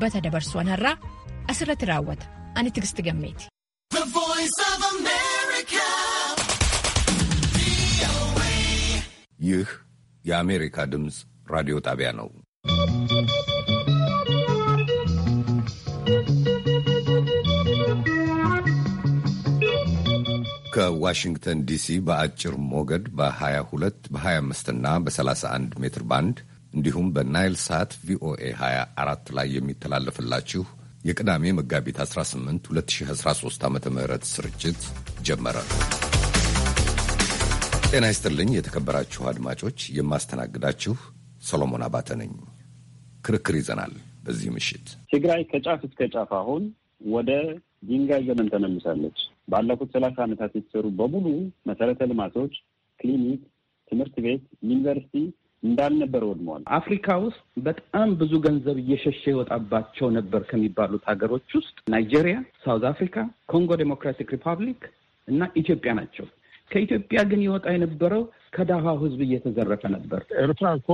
bata dabarsuun har'aa asirratti raawwata ani tigisti gammeeti. ይህ የአሜሪካ ድምፅ ራዲዮ ጣቢያ ነው። ከዋሽንግተን ዲሲ በአጭር ሞገድ በ22 በ25 እና በ31 ሜትር ባንድ እንዲሁም በናይል ሳት ቪኦኤ 24 ላይ የሚተላለፍላችሁ የቅዳሜ መጋቢት 18 2013 ዓ ም ስርጭት ጀመረ። ጤና ይስጥልኝ የተከበራችሁ አድማጮች፣ የማስተናግዳችሁ ሰሎሞን አባተ ነኝ። ክርክር ይዘናል። በዚህ ምሽት ትግራይ ከጫፍ እስከ ጫፍ አሁን ወደ ድንጋይ ዘመን ተመልሳለች። ባለፉት ሰላሳ ዓመታት የተሰሩ በሙሉ መሰረተ ልማቶች፣ ክሊኒክ፣ ትምህርት ቤት፣ ዩኒቨርሲቲ እንዳልነበር ወድመዋል። አፍሪካ ውስጥ በጣም ብዙ ገንዘብ እየሸሸ የወጣባቸው ነበር ከሚባሉት ሀገሮች ውስጥ ናይጄሪያ፣ ሳውዝ አፍሪካ፣ ኮንጎ ዴሞክራቲክ ሪፐብሊክ እና ኢትዮጵያ ናቸው። ከኢትዮጵያ ግን ይወጣ የነበረው ከዳሃ ህዝብ እየተዘረፈ ነበር። ኤርትራ እኮ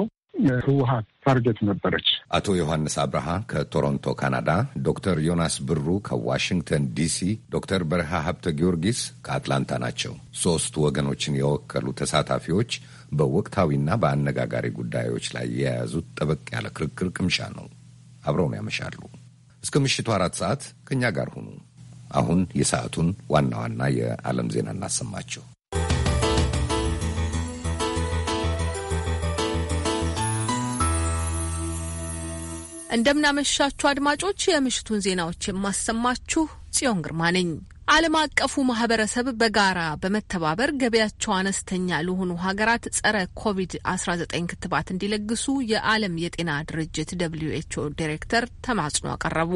ህወሀት ታርጌት ነበረች። አቶ ዮሐንስ አብርሃ ከቶሮንቶ ካናዳ፣ ዶክተር ዮናስ ብሩ ከዋሽንግተን ዲሲ፣ ዶክተር በረሃ ሀብተ ጊዮርጊስ ከአትላንታ ናቸው። ሶስት ወገኖችን የወከሉ ተሳታፊዎች በወቅታዊና በአነጋጋሪ ጉዳዮች ላይ የያዙት ጠበቅ ያለ ክርክር ቅምሻ ነው። አብረውን ያመሻሉ እስከ ምሽቱ አራት ሰዓት ከእኛ ጋር ሁኑ። አሁን የሰዓቱን ዋና ዋና የዓለም ዜና እናሰማቸው። እንደምናመሻችሁ አድማጮች፣ የምሽቱን ዜናዎች የማሰማችሁ ጽዮን ግርማ ነኝ። ዓለም አቀፉ ማህበረሰብ በጋራ በመተባበር ገበያቸው አነስተኛ ለሆኑ ሀገራት ጸረ ኮቪድ-19 ክትባት እንዲለግሱ የዓለም የጤና ድርጅት ደብልዩ ኤችኦ ዲሬክተር ተማጽኖ አቀረቡ።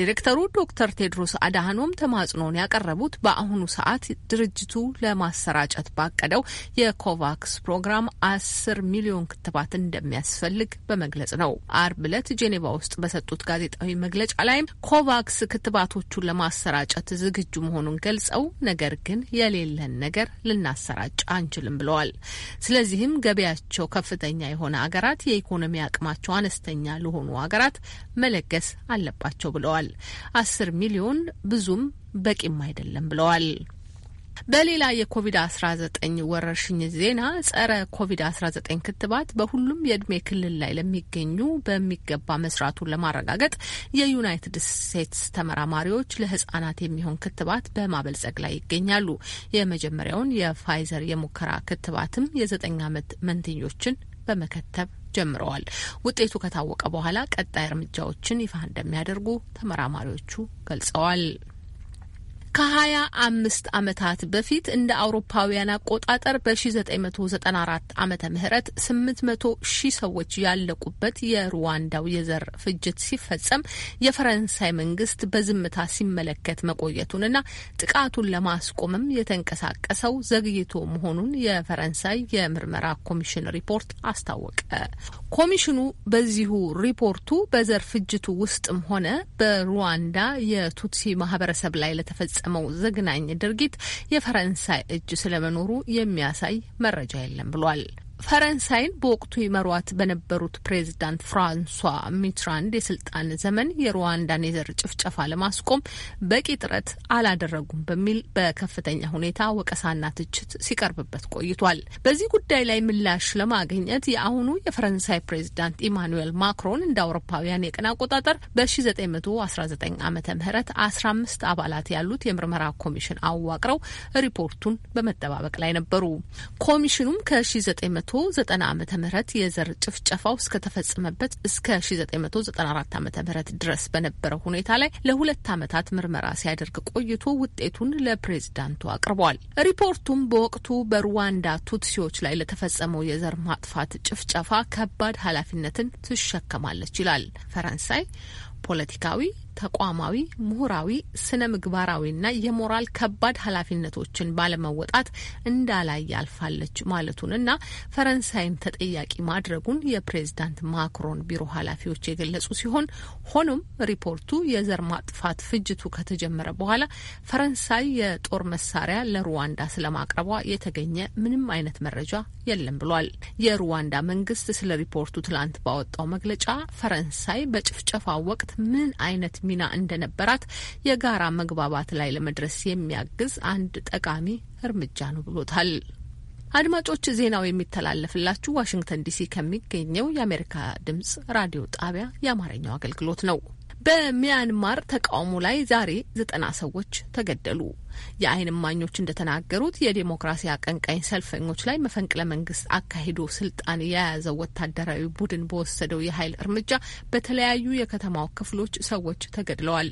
ዲሬክተሩ ዶክተር ቴድሮስ አድሃኖም ተማጽኖን ያቀረቡት በአሁኑ ሰዓት ድርጅቱ ለማሰራጨት ባቀደው የኮቫክስ ፕሮግራም አስር ሚሊዮን ክትባት እንደሚያስፈልግ በመግለጽ ነው። አርብ ዕለት ጄኔቫ ውስጥ በሰጡት ጋዜጣዊ መግለጫ ላይም ኮቫክስ ክትባቶቹን ለማሰራጨት ዝግጅ ዝግጁ መሆኑን ገልጸው ነገር ግን የሌለን ነገር ልናሰራጭ አንችልም ብለዋል። ስለዚህም ገበያቸው ከፍተኛ የሆነ አገራት የኢኮኖሚ አቅማቸው አነስተኛ ለሆኑ አገራት መለገስ አለባቸው ብለዋል። አስር ሚሊዮን ብዙም በቂም አይደለም ብለዋል። በሌላ የኮቪድ-19 ወረርሽኝ ዜና ጸረ ኮቪድ-19 ክትባት በሁሉም የእድሜ ክልል ላይ ለሚገኙ በሚገባ መስራቱን ለማረጋገጥ የዩናይትድ ስቴትስ ተመራማሪዎች ለህጻናት የሚሆን ክትባት በማበልጸግ ላይ ይገኛሉ። የመጀመሪያውን የፋይዘር የሙከራ ክትባትም የዘጠኝ ዓመት መንትኞችን በመከተብ ጀምረዋል። ውጤቱ ከታወቀ በኋላ ቀጣይ እርምጃዎችን ይፋ እንደሚያደርጉ ተመራማሪዎቹ ገልጸዋል። ከሀያ አምስት ዓመታት በፊት እንደ አውሮፓውያን አቆጣጠር በ1994 ዓመተ ምህረት 800 ሺህ ሰዎች ያለቁበት የሩዋንዳው የዘር ፍጅት ሲፈጸም የፈረንሳይ መንግስት በዝምታ ሲመለከት መቆየቱንና ጥቃቱን ለማስቆምም የተንቀሳቀሰው ዘግይቶ መሆኑን የፈረንሳይ የምርመራ ኮሚሽን ሪፖርት አስታወቀ። ኮሚሽኑ በዚሁ ሪፖርቱ በዘር ፍጅቱ ውስጥም ሆነ በሩዋንዳ የቱትሲ ማህበረሰብ ላይ ለተፈጸ የፈጸመው ዘግናኝ ድርጊት የፈረንሳይ እጅ ስለመኖሩ የሚያሳይ መረጃ የለም ብሏል። ፈረንሳይን በወቅቱ ይመሯት በነበሩት ፕሬዚዳንት ፍራንሷ ሚትራንድ የስልጣን ዘመን የሩዋንዳን የዘር ጭፍጨፋ ለማስቆም በቂ ጥረት አላደረጉም በሚል በከፍተኛ ሁኔታ ወቀሳና ትችት ሲቀርብበት ቆይቷል። በዚህ ጉዳይ ላይ ምላሽ ለማግኘት የአሁኑ የፈረንሳይ ፕሬዚዳንት ኢማኑኤል ማክሮን እንደ አውሮፓውያን የቀን አቆጣጠር በ1919 ዓ ም 15 አባላት ያሉት የምርመራ ኮሚሽን አዋቅረው ሪፖርቱን በመጠባበቅ ላይ ነበሩ። ኮሚሽኑም ከ 9 1990 ዓ ም የዘር ጭፍጨፋው እስከተፈጸመበት እስከ 1994 ዓ ም ድረስ በነበረው ሁኔታ ላይ ለሁለት ዓመታት ምርመራ ሲያደርግ ቆይቶ ውጤቱን ለፕሬዝዳንቱ አቅርቧል። ሪፖርቱም በወቅቱ በሩዋንዳ ቱትሲዎች ላይ ለተፈጸመው የዘር ማጥፋት ጭፍጨፋ ከባድ ኃላፊነትን ትሸከማለች ይላል። ፈረንሳይ ፖለቲካዊ ተቋማዊ፣ ምሁራዊ፣ ስነ ምግባራዊና የሞራል ከባድ ኃላፊነቶችን ባለመወጣት እንዳላይ ያልፋለች ማለቱንና ፈረንሳይን ተጠያቂ ማድረጉን የፕሬዝዳንት ማክሮን ቢሮ ኃላፊዎች የገለጹ ሲሆን ሆኖም ሪፖርቱ የዘር ማጥፋት ፍጅቱ ከተጀመረ በኋላ ፈረንሳይ የጦር መሳሪያ ለሩዋንዳ ስለማቅረቧ የተገኘ ምንም አይነት መረጃ የለም ብሏል። የሩዋንዳ መንግስት ስለ ሪፖርቱ ትላንት ባወጣው መግለጫ ፈረንሳይ በጭፍጨፋ ወቅት ምን አይነት ሚና እንደነበራት የጋራ መግባባት ላይ ለመድረስ የሚያግዝ አንድ ጠቃሚ እርምጃ ነው ብሎታል። አድማጮች፣ ዜናው የሚተላለፍላችሁ ዋሽንግተን ዲሲ ከሚገኘው የአሜሪካ ድምጽ ራዲዮ ጣቢያ የአማርኛው አገልግሎት ነው። በሚያንማር ተቃውሞ ላይ ዛሬ ዘጠና ሰዎች ተገደሉ። የአይን እማኞች እንደተናገሩት የዴሞክራሲ አቀንቃኝ ሰልፈኞች ላይ መፈንቅለ መንግስት አካሂዶ ስልጣን የያዘው ወታደራዊ ቡድን በወሰደው የኃይል እርምጃ በተለያዩ የከተማው ክፍሎች ሰዎች ተገድለዋል።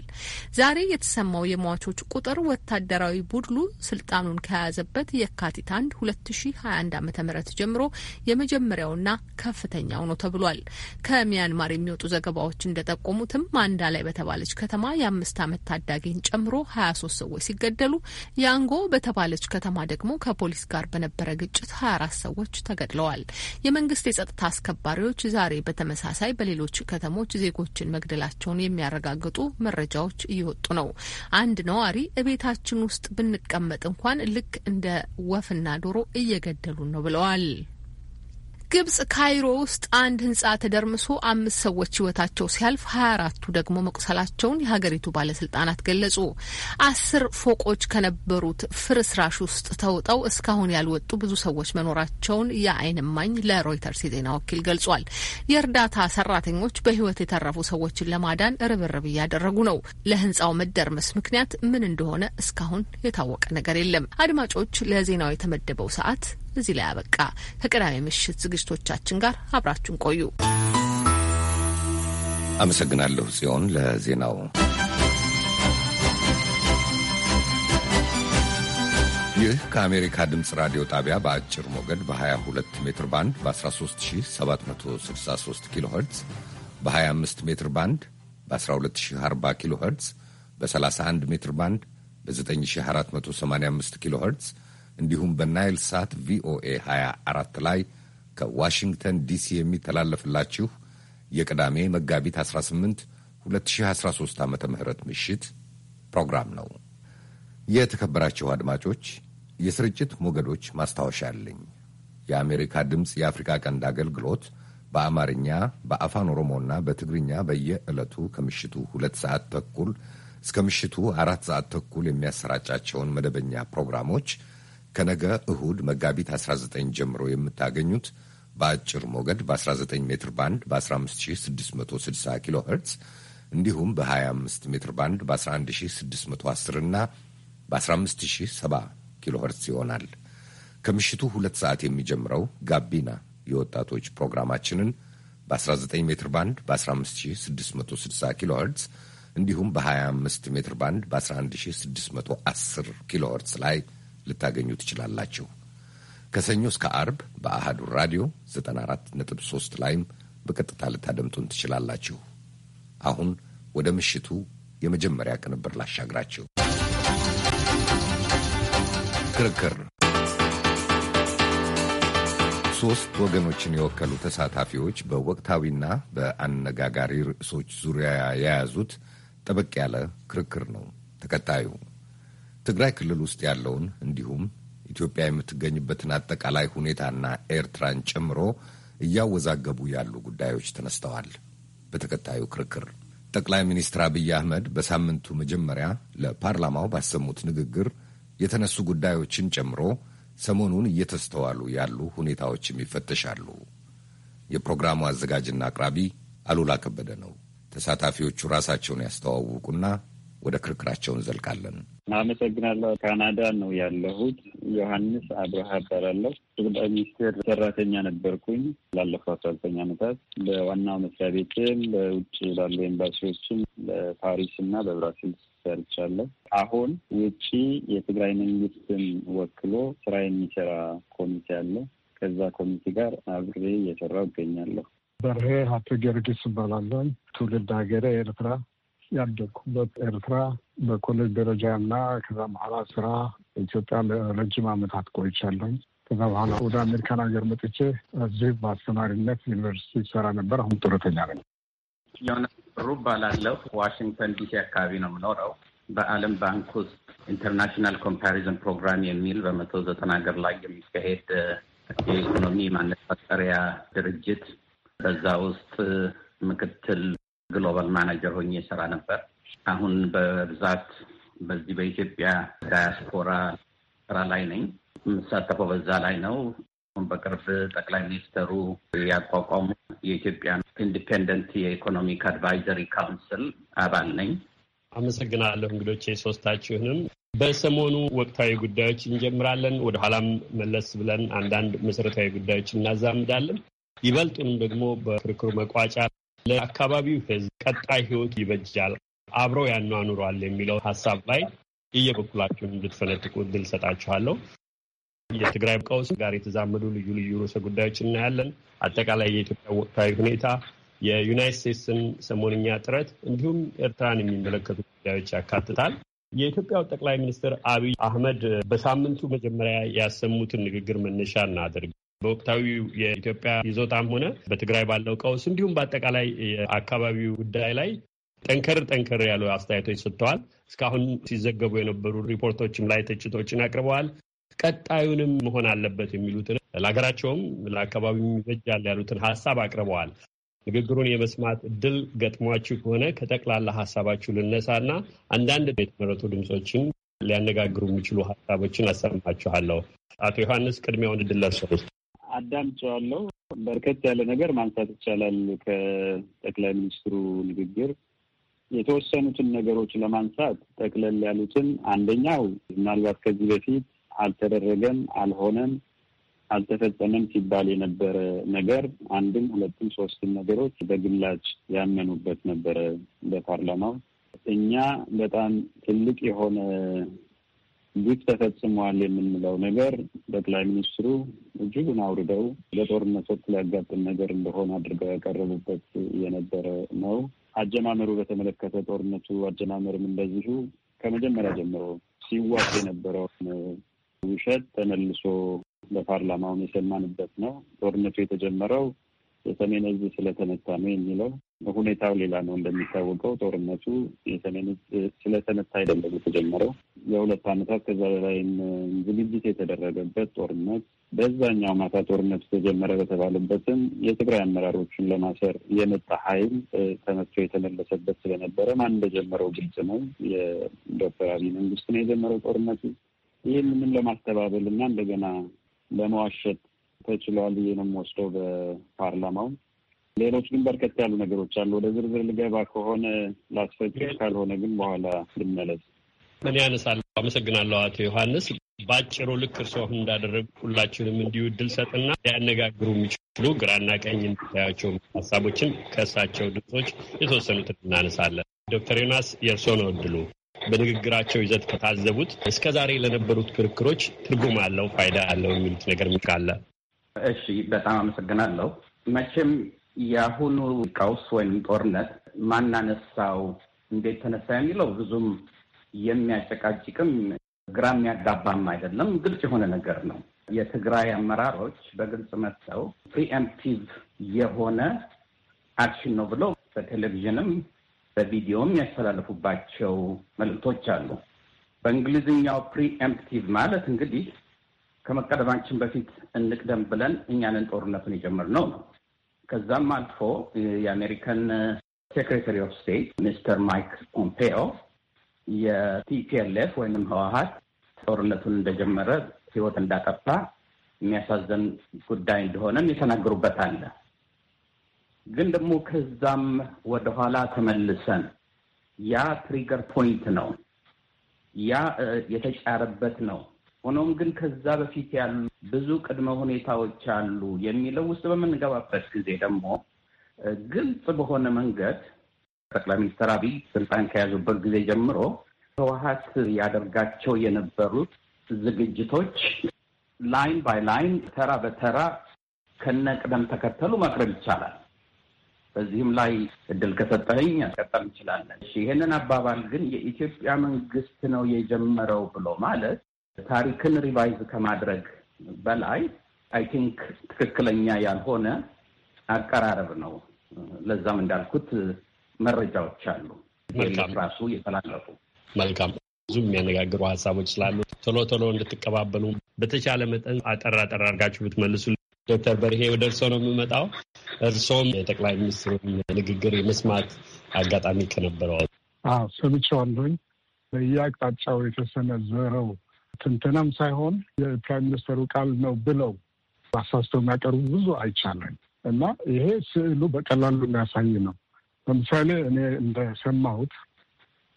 ዛሬ የተሰማው የሟቾች ቁጥር ወታደራዊ ቡድኑ ስልጣኑን ከያዘበት የካቲት አንድ ሁለት ሺ ሀያ አንድ አመተ ምህረት ጀምሮ የመጀመሪያውና ከፍተኛው ነው ተብሏል። ከሚያንማር የሚወጡ ዘገባዎች እንደጠቆሙትም ማንዳ ላይ በተባለች ከተማ የአምስት አመት ታዳጊን ጨምሮ ሀያ ሶስት ሰዎች ሲገደሉ ሲገደሉ ያንጎ በተባለች ከተማ ደግሞ ከፖሊስ ጋር በነበረ ግጭት 24 ሰዎች ተገድለዋል። የመንግስት የጸጥታ አስከባሪዎች ዛሬ በተመሳሳይ በሌሎች ከተሞች ዜጎችን መግደላቸውን የሚያረጋግጡ መረጃዎች እየወጡ ነው። አንድ ነዋሪ እቤታችን ውስጥ ብንቀመጥ እንኳን ልክ እንደ ወፍና ዶሮ እየገደሉን ነው ብለዋል። ግብጽ ካይሮ ውስጥ አንድ ህንጻ ተደርምሶ አምስት ሰዎች ህይወታቸው ሲያልፍ ሀያ አራቱ ደግሞ መቁሰላቸውን የሀገሪቱ ባለስልጣናት ገለጹ። አስር ፎቆች ከነበሩት ፍርስራሽ ውስጥ ተውጠው እስካሁን ያልወጡ ብዙ ሰዎች መኖራቸውን የአይን እማኝ ለሮይተርስ የዜና ወኪል ገልጿል። የእርዳታ ሰራተኞች በህይወት የተረፉ ሰዎችን ለማዳን ርብርብ እያደረጉ ነው። ለህንጻው መደርመስ ምክንያት ምን እንደሆነ እስካሁን የታወቀ ነገር የለም። አድማጮች ለዜናው የተመደበው ሰዓት እዚህ ላይ አበቃ። ከቅዳሜ ምሽት ዝግጅቶቻችን ጋር አብራችሁን ቆዩ። አመሰግናለሁ ጽዮን ለዜናው። ይህ ከአሜሪካ ድምፅ ራዲዮ ጣቢያ በአጭር ሞገድ በ22 ሜትር ባንድ በ13763 ኪሎ ኸርትዝ በ25 ሜትር ባንድ በ1240 ኪሎ ኸርትዝ በ31 ሜትር ባንድ በ9485 ኪሎ ኸርትዝ እንዲሁም በናይል ሳት ቪኦኤ 24 ላይ ከዋሽንግተን ዲሲ የሚተላለፍላችሁ የቅዳሜ መጋቢት 18 2013 ዓ ም ምሽት ፕሮግራም ነው። የተከበራችሁ አድማጮች፣ የስርጭት ሞገዶች ማስታወሻ አለኝ። የአሜሪካ ድምፅ የአፍሪካ ቀንድ አገልግሎት በአማርኛ በአፋን ኦሮሞና በትግርኛ በየዕለቱ ከምሽቱ ሁለት ሰዓት ተኩል እስከ ምሽቱ አራት ሰዓት ተኩል የሚያሰራጫቸውን መደበኛ ፕሮግራሞች ከነገ እሁድ መጋቢት 19 ጀምሮ የምታገኙት በአጭር ሞገድ በ19 ሜትር ባንድ በ15660 ኪሎ ሄርትስ እንዲሁም በ25 ሜትር ባንድ በ11610 እና በ15070 ኪሎ ሄርትስ ይሆናል። ከምሽቱ ሁለት ሰዓት የሚጀምረው ጋቢና የወጣቶች ፕሮግራማችንን በ19 ሜትር ባንድ በ15660 ኪሎ ሄርትስ እንዲሁም በ25 ሜትር ባንድ በ11610 ኪሎ ሄርትስ ላይ ልታገኙ ትችላላችሁ። ከሰኞ እስከ አርብ በአሃዱ ራዲዮ 94.3 ላይም በቀጥታ ልታደምጡን ትችላላችሁ። አሁን ወደ ምሽቱ የመጀመሪያ ቅንብር ላሻግራችሁ። ክርክር ሶስት ወገኖችን የወከሉ ተሳታፊዎች በወቅታዊና በአነጋጋሪ ርዕሶች ዙሪያ የያዙት ጠበቅ ያለ ክርክር ነው ተከታዩ ትግራይ ክልል ውስጥ ያለውን እንዲሁም ኢትዮጵያ የምትገኝበትን አጠቃላይ ሁኔታና ኤርትራን ጨምሮ እያወዛገቡ ያሉ ጉዳዮች ተነስተዋል። በተከታዩ ክርክር ጠቅላይ ሚኒስትር አብይ አህመድ በሳምንቱ መጀመሪያ ለፓርላማው ባሰሙት ንግግር የተነሱ ጉዳዮችን ጨምሮ ሰሞኑን እየተስተዋሉ ያሉ ሁኔታዎችም ይፈተሻሉ። የፕሮግራሙ አዘጋጅና አቅራቢ አሉላ ከበደ ነው። ተሳታፊዎቹ ራሳቸውን ያስተዋውቁና ወደ ክርክራቸው እንዘልቃለን። አመሰግናለሁ። ካናዳ ነው ያለሁት። ዮሐንስ አብርሃ እባላለሁ። ጠቅላይ ሚኒስቴር ሰራተኛ ነበርኩኝ ላለፈው አስራ ዘጠኝ ዓመታት በዋናው መስሪያ ቤትም በውጭ ባሉ ኤምባሲዎችም በፓሪስ እና በብራሲልስ ሰርቻለሁ። አሁን ውጪ የትግራይ መንግስትን ወክሎ ስራ የሚሰራ ኮሚቴ አለ። ከዛ ኮሚቴ ጋር አብሬ እየሰራው እገኛለሁ። በርሄ ሀብተ ጊዮርጊስ እባላለሁ። ትውልድ ሀገሬ ኤርትራ ያደግኩበት ኤርትራ በኮሌጅ ደረጃ እና ከዛ በኋላ ስራ ኢትዮጵያ ለረጅም አመታት ቆይቻለሁ። ከዛ በኋላ ወደ አሜሪካን ሀገር መጥቼ እዚህ በአስተማሪነት ዩኒቨርሲቲ ሰራ ነበር። አሁን ጡረተኛ ነኝ። ዮና ብሩ ዋሽንግተን ዲሲ አካባቢ ነው የምኖረው። በዓለም ባንክ ውስጥ ኢንተርናሽናል ኮምፓሪዝን ፕሮግራም የሚል በመቶ ዘጠና ሀገር ላይ የሚካሄድ የኢኮኖሚ ማነጻጸሪያ ድርጅት በዛ ውስጥ ምክትል ግሎባል ማናጀር ሆኜ የሰራ ነበር። አሁን በብዛት በዚህ በኢትዮጵያ ዳያስፖራ ስራ ላይ ነኝ። የምሳተፈው በዛ ላይ ነው። አሁን በቅርብ ጠቅላይ ሚኒስትሩ ያቋቋሙ የኢትዮጵያ ኢንዲፔንደንት የኢኮኖሚክ አድቫይዘሪ ካውንስል አባል ነኝ። አመሰግናለሁ እንግዶቼ ሶስታችሁንም። በሰሞኑ ወቅታዊ ጉዳዮች እንጀምራለን። ወደኋላም መለስ ብለን አንዳንድ መሰረታዊ ጉዳዮች እናዛምዳለን። ይበልጡንም ደግሞ በክርክሩ መቋጫ ለአካባቢው ህዝብ ቀጣይ ህይወት ይበጃል አብረው ያኗኑሯል የሚለው ሀሳብ ላይ እየበኩላችሁን እንድትፈነጥቁ እድል ሰጣችኋለሁ። የትግራይ ቀውስ ጋር የተዛመዱ ልዩ ልዩ ርዕሰ ጉዳዮች እናያለን። አጠቃላይ የኢትዮጵያ ወቅታዊ ሁኔታ፣ የዩናይት ስቴትስን ሰሞንኛ ጥረት እንዲሁም ኤርትራን የሚመለከቱ ጉዳዮች ያካትታል። የኢትዮጵያው ጠቅላይ ሚኒስትር አብይ አህመድ በሳምንቱ መጀመሪያ ያሰሙትን ንግግር መነሻ እናደርግ። በወቅታዊ የኢትዮጵያ ይዞታም ሆነ በትግራይ ባለው ቀውስ እንዲሁም በአጠቃላይ የአካባቢው ጉዳይ ላይ ጠንከር ጠንከር ያሉ አስተያየቶች ሰጥተዋል። እስካሁን ሲዘገቡ የነበሩ ሪፖርቶችም ላይ ትችቶችን አቅርበዋል። ቀጣዩንም መሆን አለበት የሚሉትን ለሀገራቸውም ለአካባቢው ይበጃል ያሉትን ሀሳብ አቅርበዋል። ንግግሩን የመስማት እድል ገጥሟችሁ ከሆነ ከጠቅላላ ሀሳባችሁ ልነሳና አንዳንድ የተመረጡ ድምፆችን ሊያነጋግሩ የሚችሉ ሀሳቦችን አሰማችኋለሁ። አቶ ዮሐንስ ቅድሚያውን እድል ለርሶ አዳምጨዋለሁ። በርከት ያለ ነገር ማንሳት ይቻላል ከጠቅላይ ሚኒስትሩ ንግግር የተወሰኑትን ነገሮች ለማንሳት ጠቅለል ያሉትን፣ አንደኛው ምናልባት ከዚህ በፊት አልተደረገም፣ አልሆነም፣ አልተፈጸመም ሲባል የነበረ ነገር አንድም ሁለትም ሶስትም ነገሮች በግላጭ ያመኑበት ነበረ በፓርላማው። እኛ በጣም ትልቅ የሆነ ግፍ ተፈጽመዋል የምንለው ነገር ጠቅላይ ሚኒስትሩ እጅጉን አውርደው ለጦርነት ወቅት ሊያጋጥም ነገር እንደሆነ አድርገው ያቀረቡበት የነበረ ነው። አጀማመሩ በተመለከተ ጦርነቱ አጀማመርም እንደዚሁ ከመጀመሪያ ጀምሮ ሲዋሽ የነበረውን ውሸት ተመልሶ በፓርላማውን የሰማንበት ነው። ጦርነቱ የተጀመረው የሰሜን ህዝብ ስለተመታ ነው የሚለው ሁኔታው ሌላ ነው። እንደሚታወቀው ጦርነቱ የሰሜን ህዝብ ስለተመታ አይደለም የተጀመረው። የሁለት ዓመታት ከዛ በላይም ዝግጅት የተደረገበት ጦርነት በዛኛው ማታ ጦርነቱ ተጀመረ በተባለበትም የትግራይ አመራሮችን ለማሰር የመጣ ኃይል ተመቶ የተመለሰበት ስለነበረ ማን እንደጀመረው ግልጽ ነው። የዶክተር አብይ መንግስት ነው የጀመረው ጦርነቱ። ይህንንም ለማስተባበል እና እንደገና ለመዋሸት ተችለዋል ብዬ ነው የምወስደው በፓርላማው። ሌሎች ግን በርከት ያሉ ነገሮች አሉ። ወደ ዝርዝር ልገባ ከሆነ ላስፈጭ፣ ካልሆነ ግን በኋላ ልመለስ። ምን ያነሳል? አመሰግናለሁ አቶ ዮሐንስ። በአጭሩ ልክ እርስዎን እንዳደረጉ ሁላችሁንም እንዲሁ እድል ሰጥና ሊያነጋግሩ የሚችሉ ግራና ቀኝ የሚታያቸው ሀሳቦችን ከእሳቸው ድምጾች የተወሰኑትን እናነሳለን። ዶክተር ዮናስ የእርሶ ነው እድሉ። በንግግራቸው ይዘት ከታዘቡት እስከ ዛሬ ለነበሩት ክርክሮች ትርጉም አለው ፋይዳ አለው የሚሉት ነገር ካለ እሺ፣ በጣም አመሰግናለሁ። መቼም የአሁኑ ቀውስ ወይም ጦርነት ማናነሳው እንዴት ተነሳ የሚለው ብዙም የሚያጨቃጭቅም ግራ የሚያጋባም አይደለም። ግልጽ የሆነ ነገር ነው። የትግራይ አመራሮች በግልጽ መጥተው ፕሪኤምፕቲቭ የሆነ አክሽን ነው ብለው በቴሌቪዥንም በቪዲዮም ያስተላልፉባቸው መልእክቶች አሉ። በእንግሊዝኛው ፕሪኤምፕቲቭ ማለት እንግዲህ ከመቀደማችን በፊት እንቅደም ብለን እኛንን ጦርነቱን የጀመርነው ነው። ከዛም አልፎ የአሜሪካን ሴክሬታሪ ኦፍ ስቴት ሚስተር ማይክ ፖምፔዮ የቲፒኤልኤፍ ወይንም ህወሀት ጦርነቱን እንደጀመረ ህይወት እንዳጠፋ የሚያሳዘን ጉዳይ እንደሆነም የተናገሩበት አለ። ግን ደግሞ ከዛም ወደኋላ ተመልሰን ያ ትሪገር ፖይንት ነው፣ ያ የተጫረበት ነው ሆኖም ግን ከዛ በፊት ያሉ ብዙ ቅድመ ሁኔታዎች አሉ የሚለው ውስጥ በምንገባበት ጊዜ ደግሞ ግልጽ በሆነ መንገድ ጠቅላይ ሚኒስትር አብይ ስልጣን ከያዙበት ጊዜ ጀምሮ ህወሀት ያደርጋቸው የነበሩት ዝግጅቶች ላይን ባይ ላይን ተራ በተራ ከነ ቅደም ተከተሉ ማቅረብ ይቻላል። በዚህም ላይ እድል ከሰጠኝ ያስቀጠል እንችላለን። ይህንን አባባል ግን የኢትዮጵያ መንግስት ነው የጀመረው ብሎ ማለት ታሪክን ሪቫይዝ ከማድረግ በላይ አይ ቲንክ ትክክለኛ ያልሆነ አቀራረብ ነው። ለዛም እንዳልኩት መረጃዎች አሉ ራሱ የተላለፉ መልካም ብዙ የሚያነጋግሩ ሀሳቦች ስላሉ ቶሎ ቶሎ እንድትቀባበሉ በተቻለ መጠን አጠር አጠር አድርጋችሁ ብትመልሱ። ዶክተር በርሄ ወደ እርስዎ ነው የምመጣው። እርስዎም የጠቅላይ ሚኒስትሩን ንግግር የመስማት አጋጣሚ ከነበረዋል? አዎ ሰምቼዋለሁኝ። በየአቅጣጫው የተሰነዘረው ትንተናም ሳይሆን የፕራይም ሚኒስተሩ ቃል ነው ብለው አሳስተው የሚያቀርቡ ብዙ አይቻለን እና ይሄ ስዕሉ በቀላሉ የሚያሳይ ነው። ለምሳሌ እኔ እንደሰማሁት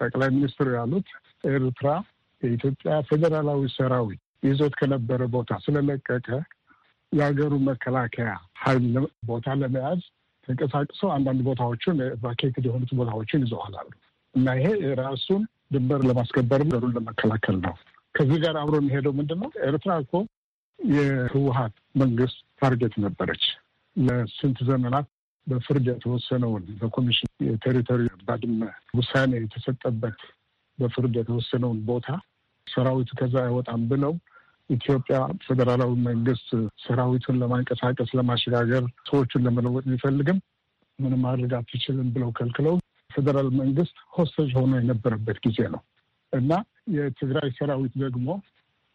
ጠቅላይ ሚኒስትሩ ያሉት ኤርትራ የኢትዮጵያ ፌዴራላዊ ሰራዊት ይዞት ከነበረ ቦታ ስለለቀቀ የሀገሩ መከላከያ ኃይል ቦታ ለመያዝ ተንቀሳቅሰው አንዳንድ ቦታዎችን ቫኬትድ የሆኑት ቦታዎችን ይዘዋል አሉ እና ይሄ ራሱን ድንበር ለማስከበር ነገሩን ለመከላከል ነው። ከዚህ ጋር አብሮ የሚሄደው ምንድን ነው? ኤርትራ እኮ የህወሀት መንግስት ታርጌት ነበረች። ለስንት ዘመናት በፍርድ የተወሰነውን በኮሚሽን የቴሪቶሪ ባድመ ውሳኔ የተሰጠበት በፍርድ የተወሰነውን ቦታ ሰራዊቱ ከዛ አይወጣም ብለው ኢትዮጵያ ፌዴራላዊ መንግስት ሰራዊቱን ለማንቀሳቀስ ለማሸጋገር፣ ሰዎቹን ለመለወጥ ቢፈልግም ምንም ማድረግ አትችልም ብለው ከልክለው ፌዴራል መንግስት ሆስተጅ ሆኖ የነበረበት ጊዜ ነው እና የትግራይ ሰራዊት ደግሞ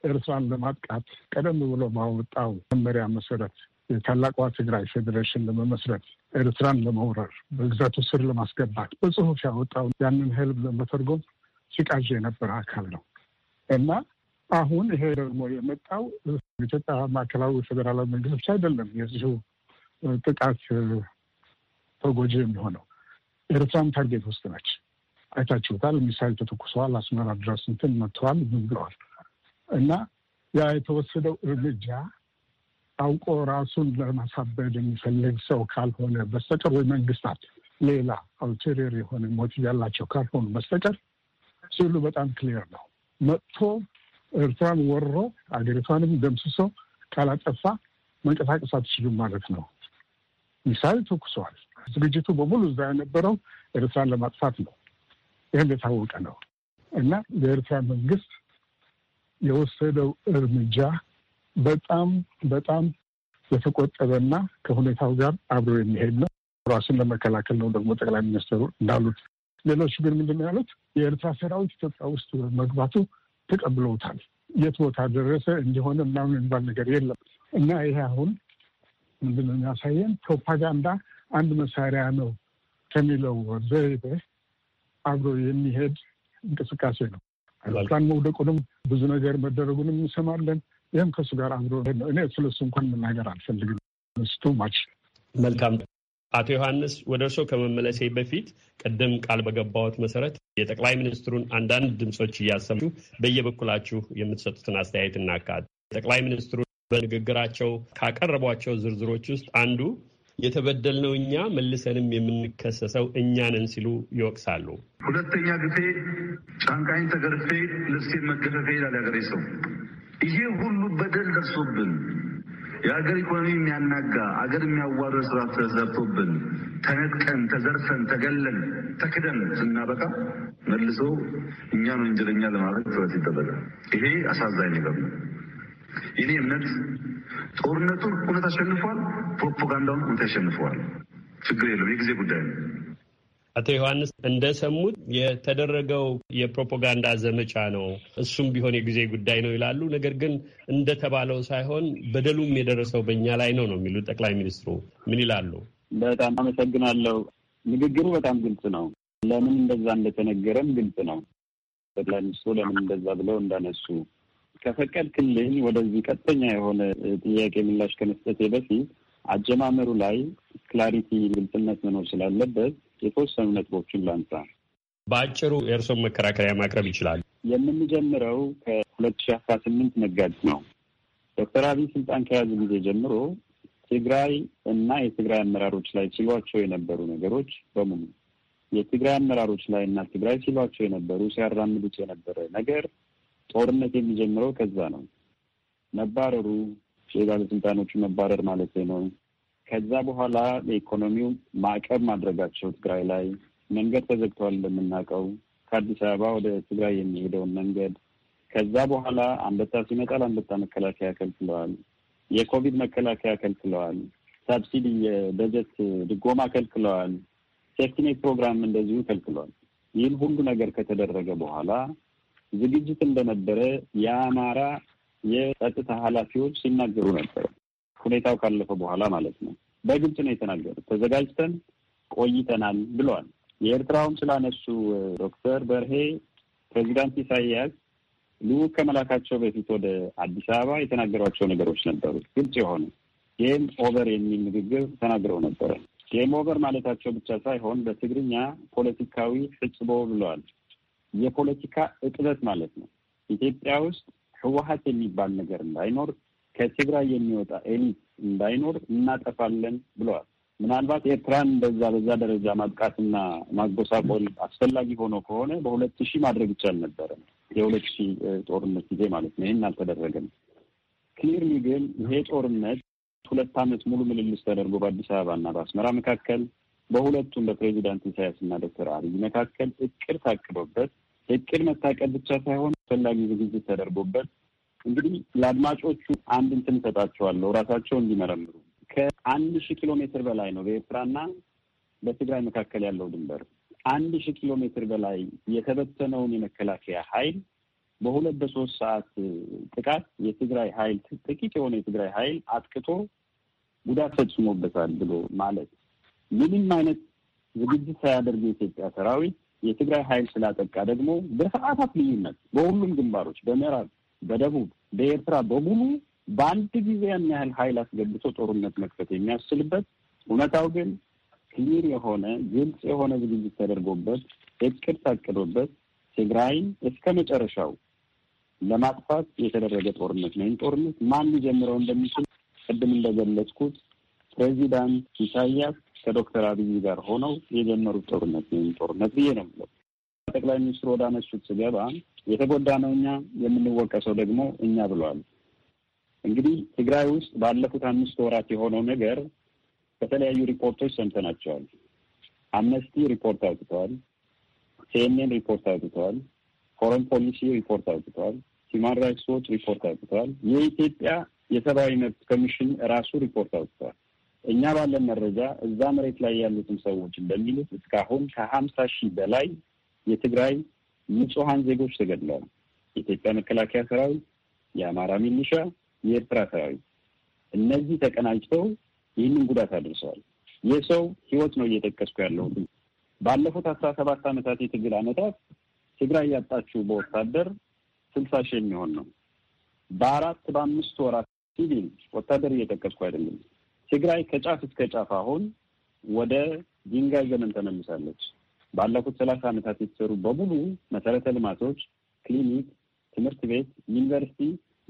ኤርትራን ለማጥቃት ቀደም ብሎ ባወጣው መመሪያ መሰረት የታላቋ ትግራይ ፌዴሬሽን ለመመስረት ኤርትራን ለመውረር በግዛቱ ስር ለማስገባት በጽሁፍ ያወጣው ያንን ህልም ለመተርጎም ሲቃዥ የነበረ አካል ነው እና አሁን ይሄ ደግሞ የመጣው ኢትዮጵያ ማዕከላዊ ፌዴራላዊ መንግስት ብቻ አይደለም የዚሁ ጥቃት ተጎጂ የሚሆነው ኤርትራን ታርጌት ውስጥ ነች። አይታችሁታል። ሚሳይል ተተኩሰዋል። አስመራ ድረስ እንትን መጥተዋል ብለዋል እና ያ የተወሰደው እርምጃ አውቆ ራሱን ለማሳበድ የሚፈልግ ሰው ካልሆነ በስተቀር ወይ መንግስታት ሌላ አልቴሪየር የሆነ ሞቲቭ ያላቸው ካልሆኑ በስተቀር ሲሉ በጣም ክሊየር ነው። መጥቶ ኤርትራን ወሮ አገሪቷንም ደምስሶ ካላጠፋ መንቀሳቀስ አትችሉም ማለት ነው። ሚሳይል ተኩሰዋል። ዝግጅቱ በሙሉ እዛ የነበረው ኤርትራን ለማጥፋት ነው። ይህን የታወቀ ነው እና የኤርትራ መንግስት የወሰደው እርምጃ በጣም በጣም የተቆጠበና ከሁኔታው ጋር አብሮ የሚሄድ ነው። ራሱን ለመከላከል ነው ደግሞ ጠቅላይ ሚኒስትሩ እንዳሉት። ሌሎች ግን ምንድን ያሉት? የኤርትራ ሰራዊት ኢትዮጵያ ውስጥ መግባቱ ተቀብለውታል። የት ቦታ ደረሰ እንዲሆነ ምናምን የሚባል ነገር የለም እና ይሄ አሁን ምንድን ነው የሚያሳየን? ፕሮፓጋንዳ አንድ መሳሪያ ነው ከሚለው ዘይቤ አብሮ የሚሄድ እንቅስቃሴ ነው። አውሮፕላን መውደቁንም ብዙ ነገር መደረጉንም እንሰማለን። ይህም ከእሱ ጋር አብሮ እኔ ስለሱ እንኳን መናገር አልፈልግም። ስቱ ማች መልካም አቶ ዮሐንስ ወደ እርስዎ ከመመለሴ በፊት ቅድም ቃል በገባሁት መሰረት የጠቅላይ ሚኒስትሩን አንዳንድ ድምፆች እያሰሙ በየበኩላችሁ የምትሰጡትን አስተያየት እናካት። ጠቅላይ ሚኒስትሩ በንግግራቸው ካቀረቧቸው ዝርዝሮች ውስጥ አንዱ የተበደልነው እኛ መልሰንም የምንከሰሰው እኛንን ሲሉ ይወቅሳሉ። ሁለተኛ ጊዜ ጫንቃኝ ተገርፌ ልብሴን መገፈፌ ይላል ያገሬ ሰው። ይሄ ሁሉ በደል ደርሶብን የሀገር ኢኮኖሚ የሚያናጋ አገር የሚያዋርድ ስራ ተዘርቶብን ተነጥቀን ተዘርፈን ተገለን ተክደን ስናበቃ መልሶ እኛን ወንጀለኛ ለማድረግ ጥረት ይደረጋል። ይሄ አሳዛኝ ነገር ነው። የኔ እምነት ጦርነቱን እውነት አሸንፏል፣ ፕሮፓጋንዳውን እውነት ያሸንፈዋል። ችግር የለም፣ የጊዜ ጉዳይ ነው። አቶ ዮሐንስ እንደሰሙት የተደረገው የፕሮፓጋንዳ ዘመቻ ነው። እሱም ቢሆን የጊዜ ጉዳይ ነው ይላሉ። ነገር ግን እንደተባለው ሳይሆን በደሉም የደረሰው በእኛ ላይ ነው ነው የሚሉት ጠቅላይ ሚኒስትሩ ምን ይላሉ? በጣም አመሰግናለሁ። ንግግሩ በጣም ግልጽ ነው። ለምን እንደዛ እንደተነገረም ግልጽ ነው። ጠቅላይ ሚኒስትሩ ለምን እንደዛ ብለው እንዳነሱ ከፈቀድክልኝ ወደዚህ ቀጥተኛ የሆነ ጥያቄ ምላሽ ከመስጠቴ በፊት አጀማመሩ ላይ ክላሪቲ፣ ግልጽነት መኖር ስላለበት የተወሰኑ ነጥቦችን ላንሳ። በአጭሩ የእርስዎን መከራከሪያ ማቅረብ ይችላል። የምንጀምረው ከሁለት ሺህ አስራ ስምንት መጋቢት ነው። ዶክተር አብይ ስልጣን ከያዙ ጊዜ ጀምሮ ትግራይ እና የትግራይ አመራሮች ላይ ሲሏቸው የነበሩ ነገሮች በሙሉ የትግራይ አመራሮች ላይ እና ትግራይ ሲሏቸው የነበሩ ሲያራምዱት የነበረ ነገር ጦርነት የሚጀምረው ከዛ ነው። መባረሩ የባለስልጣኖቹ መባረር ማለት ነው። ከዛ በኋላ ለኢኮኖሚው ማዕቀብ ማድረጋቸው ትግራይ ላይ መንገድ ተዘግተዋል እንደምናውቀው ከአዲስ አበባ ወደ ትግራይ የሚሄደውን መንገድ ከዛ በኋላ አንበጣ ሲመጣል አንበጣ መከላከያ ከልክለዋል። የኮቪድ መከላከያ ከልክለዋል። ሳብሲዲ የበጀት ድጎማ ከልክለዋል። ሴፍቲኔት ፕሮግራም እንደዚሁ ከልክለዋል። ይህን ሁሉ ነገር ከተደረገ በኋላ ዝግጅት እንደነበረ የአማራ የጸጥታ ኃላፊዎች ሲናገሩ ነበር ሁኔታው ካለፈ በኋላ ማለት ነው። በግልጽ ነው የተናገሩ ተዘጋጅተን ቆይተናል ብለዋል። የኤርትራውም ስላነሱ ዶክተር በርሄ ፕሬዚዳንት ኢሳያስ ልዑክ ከመላካቸው በፊት ወደ አዲስ አበባ የተናገሯቸው ነገሮች ነበሩ። ግልጽ የሆኑ ጌም ኦቨር የሚል ንግግር ተናግረው ነበረ። ጌም ኦቨር ማለታቸው ብቻ ሳይሆን በትግርኛ ፖለቲካዊ ፍጽቦ ብለዋል። የፖለቲካ እጥበት ማለት ነው። ኢትዮጵያ ውስጥ ህወሀት የሚባል ነገር እንዳይኖር ከትግራይ የሚወጣ ኤሊት እንዳይኖር እናጠፋለን ብለዋል። ምናልባት ኤርትራን በዛ በዛ ደረጃ ማጥቃትና ማጎሳቆል አስፈላጊ ሆኖ ከሆነ በሁለት ሺህ ማድረግ ይቻል ነበረ። የሁለት ሺህ ጦርነት ጊዜ ማለት ነው። ይህን አልተደረገም። ክሊርሊ ግን ይሄ ጦርነት ሁለት ዓመት ሙሉ ምልልስ ተደርጎ በአዲስ አበባ እና በአስመራ መካከል በሁለቱም በፕሬዚዳንት ኢሳያስ እና ዶክተር አብይ መካከል እቅድ ታቅዶበት እቅድ መታቀድ ብቻ ሳይሆን አስፈላጊ ዝግጅት ተደርጎበት እንግዲህ ለአድማጮቹ አንድ እንትን እሰጣቸዋለሁ ራሳቸው እንዲመረምሩ። ከአንድ ሺህ ኪሎ ሜትር በላይ ነው በኤርትራና በትግራይ መካከል ያለው ድንበር። አንድ ሺህ ኪሎ ሜትር በላይ የተበተነውን የመከላከያ ኃይል በሁለት በሶስት ሰዓት ጥቃት የትግራይ ኃይል ጥቂት የሆነ የትግራይ ኃይል አጥቅቶ ጉዳት ፈጽሞበታል ብሎ ማለት ምንም አይነት ዝግጅት ሳያደርግ የኢትዮጵያ ሰራዊት የትግራይ ኃይል ስላጠቃ ደግሞ በሰዓታት ልዩነት በሁሉም ግንባሮች በምዕራብ፣ በደቡብ፣ በኤርትራ በሙሉ በአንድ ጊዜ ያን ያህል ኃይል አስገብቶ ጦርነት መክፈት የሚያስችልበት እውነታው ግን ክሊር የሆነ ግልጽ የሆነ ዝግጅት ተደርጎበት እቅድ ታቅዶበት ትግራይን እስከ መጨረሻው ለማጥፋት የተደረገ ጦርነት ነው። ይህን ጦርነት ማን ሊጀምረው እንደሚችል ቅድም እንደገለጽኩት ፕሬዚዳንት ኢሳያስ ከዶክተር አብይ ጋር ሆነው የጀመሩት ጦርነት ወይም ጦርነት ብዬ ነው የምለው። ጠቅላይ ሚኒስትሩ ወደ ስገባ የተጎዳ ነው እኛ የምንወቀሰው ደግሞ እኛ ብለዋል። እንግዲህ ትግራይ ውስጥ ባለፉት አምስት ወራት የሆነው ነገር ከተለያዩ ሪፖርቶች ሰምተናቸዋል። አምነስቲ ሪፖርት አውጥተዋል። ሲኤንኤን ሪፖርት አውጥተዋል። ፎረን ፖሊሲ ሪፖርት አውጥተዋል። ሂማን ራይትስ ዎች ሪፖርት አውጥተዋል። የኢትዮጵያ የሰብአዊ መብት ኮሚሽን ራሱ ሪፖርት አውጥተዋል። እኛ ባለን መረጃ እዛ መሬት ላይ ያሉትም ሰዎች እንደሚሉት እስካሁን ከሀምሳ ሺህ በላይ የትግራይ ንጹሐን ዜጎች ተገድለዋል። የኢትዮጵያ መከላከያ ሰራዊት፣ የአማራ ሚሊሻ፣ የኤርትራ ሰራዊት እነዚህ ተቀናጅተው ይህንን ጉዳት አድርሰዋል። የሰው ህይወት ነው እየጠቀስኩ ያለሁት። ባለፉት አስራ ሰባት ዓመታት የትግል ዓመታት ትግራይ ያጣችው በወታደር ስልሳ ሺህ የሚሆን ነው። በአራት በአምስት ወራት ሲቪል ወታደር እየጠቀስኩ አይደለም ትግራይ ከጫፍ እስከ ጫፍ አሁን ወደ ድንጋይ ዘመን ተመልሳለች። ባለፉት ሰላሳ ዓመታት የተሰሩ በሙሉ መሰረተ ልማቶች፣ ክሊኒክ፣ ትምህርት ቤት፣ ዩኒቨርሲቲ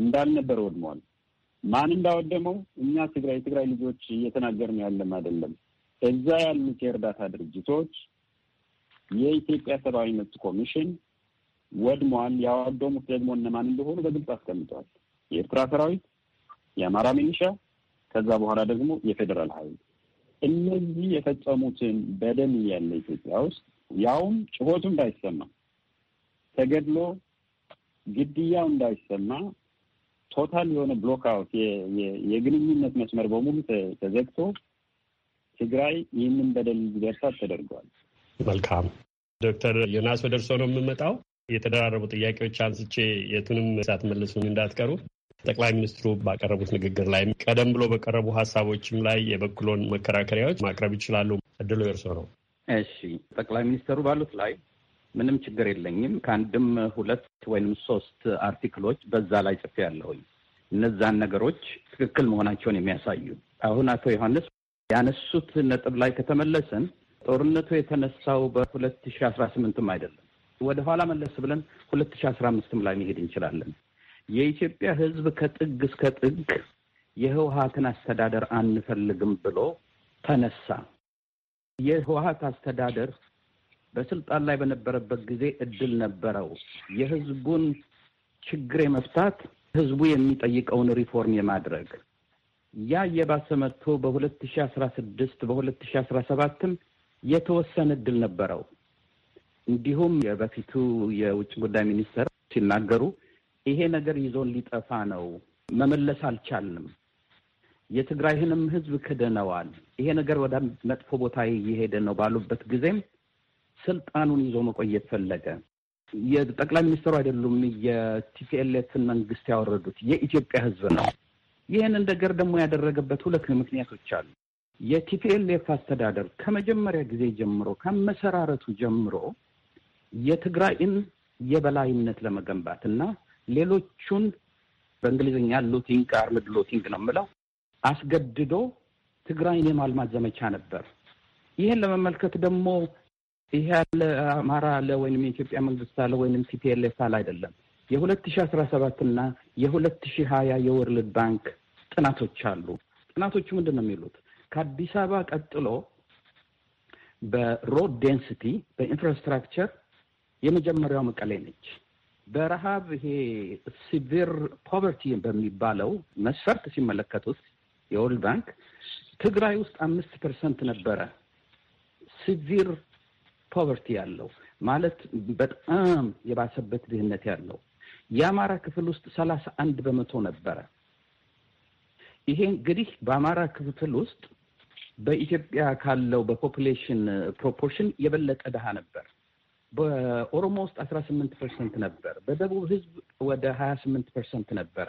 እንዳልነበር ወድመዋል። ማን እንዳወደመው እኛ ትግራይ የትግራይ ልጆች እየተናገርን ያለም አይደለም። እዛ ያሉት የእርዳታ ድርጅቶች፣ የኢትዮጵያ ሰብአዊ መብት ኮሚሽን ወድመዋል። ያወደሙት ደግሞ እነማን እንደሆኑ በግልጽ አስቀምጠዋል። የኤርትራ ሰራዊት፣ የአማራ ሚሊሻ፣ ከዛ በኋላ ደግሞ የፌዴራል ኃይል እነዚህ የፈጸሙትን በደል ያለ ኢትዮጵያ ውስጥ ያውም ጩኸቱ እንዳይሰማ ተገድሎ ግድያው እንዳይሰማ ቶታል የሆነ ብሎክውት የግንኙነት መስመር በሙሉ ተዘግቶ ትግራይ ይህንን በደል እንዲደርሳት ተደርገዋል። መልካም ዶክተር ዮናስ ወደ እርስዎ ነው የምመጣው። የተደራረቡ ጥያቄዎች አንስቼ የቱንም ሳትመልሱ እንዳትቀሩ። ጠቅላይ ሚኒስትሩ ባቀረቡት ንግግር ላይ ቀደም ብሎ በቀረቡ ሀሳቦችም ላይ የበኩሎን መከራከሪያዎች ማቅረብ ይችላሉ። እድሉ የእርሶ ነው። እሺ፣ ጠቅላይ ሚኒስትሩ ባሉት ላይ ምንም ችግር የለኝም። ከአንድም ሁለት ወይንም ሶስት አርቲክሎች በዛ ላይ ጽፌ ያለሁኝ እነዛን ነገሮች ትክክል መሆናቸውን የሚያሳዩ አሁን አቶ ዮሐንስ ያነሱት ነጥብ ላይ ከተመለስን ጦርነቱ የተነሳው በሁለት ሺ አስራ ስምንትም አይደለም ወደ ኋላ መለስ ብለን ሁለት ሺ አስራ አምስትም ላይ መሄድ እንችላለን። የኢትዮጵያ ሕዝብ ከጥግ እስከ ጥግ የህወሀትን አስተዳደር አንፈልግም ብሎ ተነሳ። የህወሀት አስተዳደር በስልጣን ላይ በነበረበት ጊዜ እድል ነበረው የህዝቡን ችግር የመፍታት ህዝቡ የሚጠይቀውን ሪፎርም የማድረግ ያ የባሰ መጥቶ በሁለት ሺ አስራ ስድስት በሁለት ሺ አስራ ሰባትም የተወሰነ እድል ነበረው። እንዲሁም የበፊቱ የውጭ ጉዳይ ሚኒስትር ሲናገሩ ይሄ ነገር ይዞን ሊጠፋ ነው። መመለስ አልቻልንም። የትግራይንም ህዝብ ክደነዋል። ይሄ ነገር ወደ መጥፎ ቦታ እየሄደ ነው ባሉበት ጊዜም ስልጣኑን ይዞ መቆየት ፈለገ። የጠቅላይ ሚኒስትሩ አይደሉም የቲፒኤልኤፍን መንግስት ያወረዱት የኢትዮጵያ ህዝብ ነው። ይህንን ነገር ደግሞ ያደረገበት ሁለት ምክንያቶች አሉ። የቲፒኤልኤፍ አስተዳደር ከመጀመሪያ ጊዜ ጀምሮ ከመሰራረቱ ጀምሮ የትግራይን የበላይነት ለመገንባት እና ሌሎቹን በእንግሊዝኛ ሉቲንግ አርምድ ሉቲንግ ነው የምለው አስገድዶ ትግራይን የማልማት ዘመቻ ነበር። ይህን ለመመልከት ደግሞ ይሄ ያለ አማራ አለ ወይም የኢትዮጵያ መንግስት አለ ወይም ሲፒኤልኤፍ አለ አይደለም። የሁለት ሺ አስራ ሰባት እና የሁለት ሺ ሀያ የወርልድ ባንክ ጥናቶች አሉ። ጥናቶቹ ምንድን ነው የሚሉት? ከአዲስ አበባ ቀጥሎ በሮድ ዴንሲቲ በኢንፍራስትራክቸር የመጀመሪያው መቀሌ ነች። በረሃብ ይሄ ሲቪር ፖቨርቲ በሚባለው መስፈርት ሲመለከቱት የወርልድ ባንክ ትግራይ ውስጥ አምስት ፐርሰንት ነበረ ሲቪር ፖቨርቲ ያለው ማለት በጣም የባሰበት ድህነት ያለው የአማራ ክፍል ውስጥ ሰላሳ አንድ በመቶ ነበረ። ይሄ እንግዲህ በአማራ ክፍል ውስጥ በኢትዮጵያ ካለው በፖፕሌሽን ፕሮፖርሽን የበለጠ ድሃ ነበር። በኦሮሞ ውስጥ አስራ ስምንት ፐርሰንት ነበር። በደቡብ ህዝብ ወደ ሀያ ስምንት ፐርሰንት ነበረ።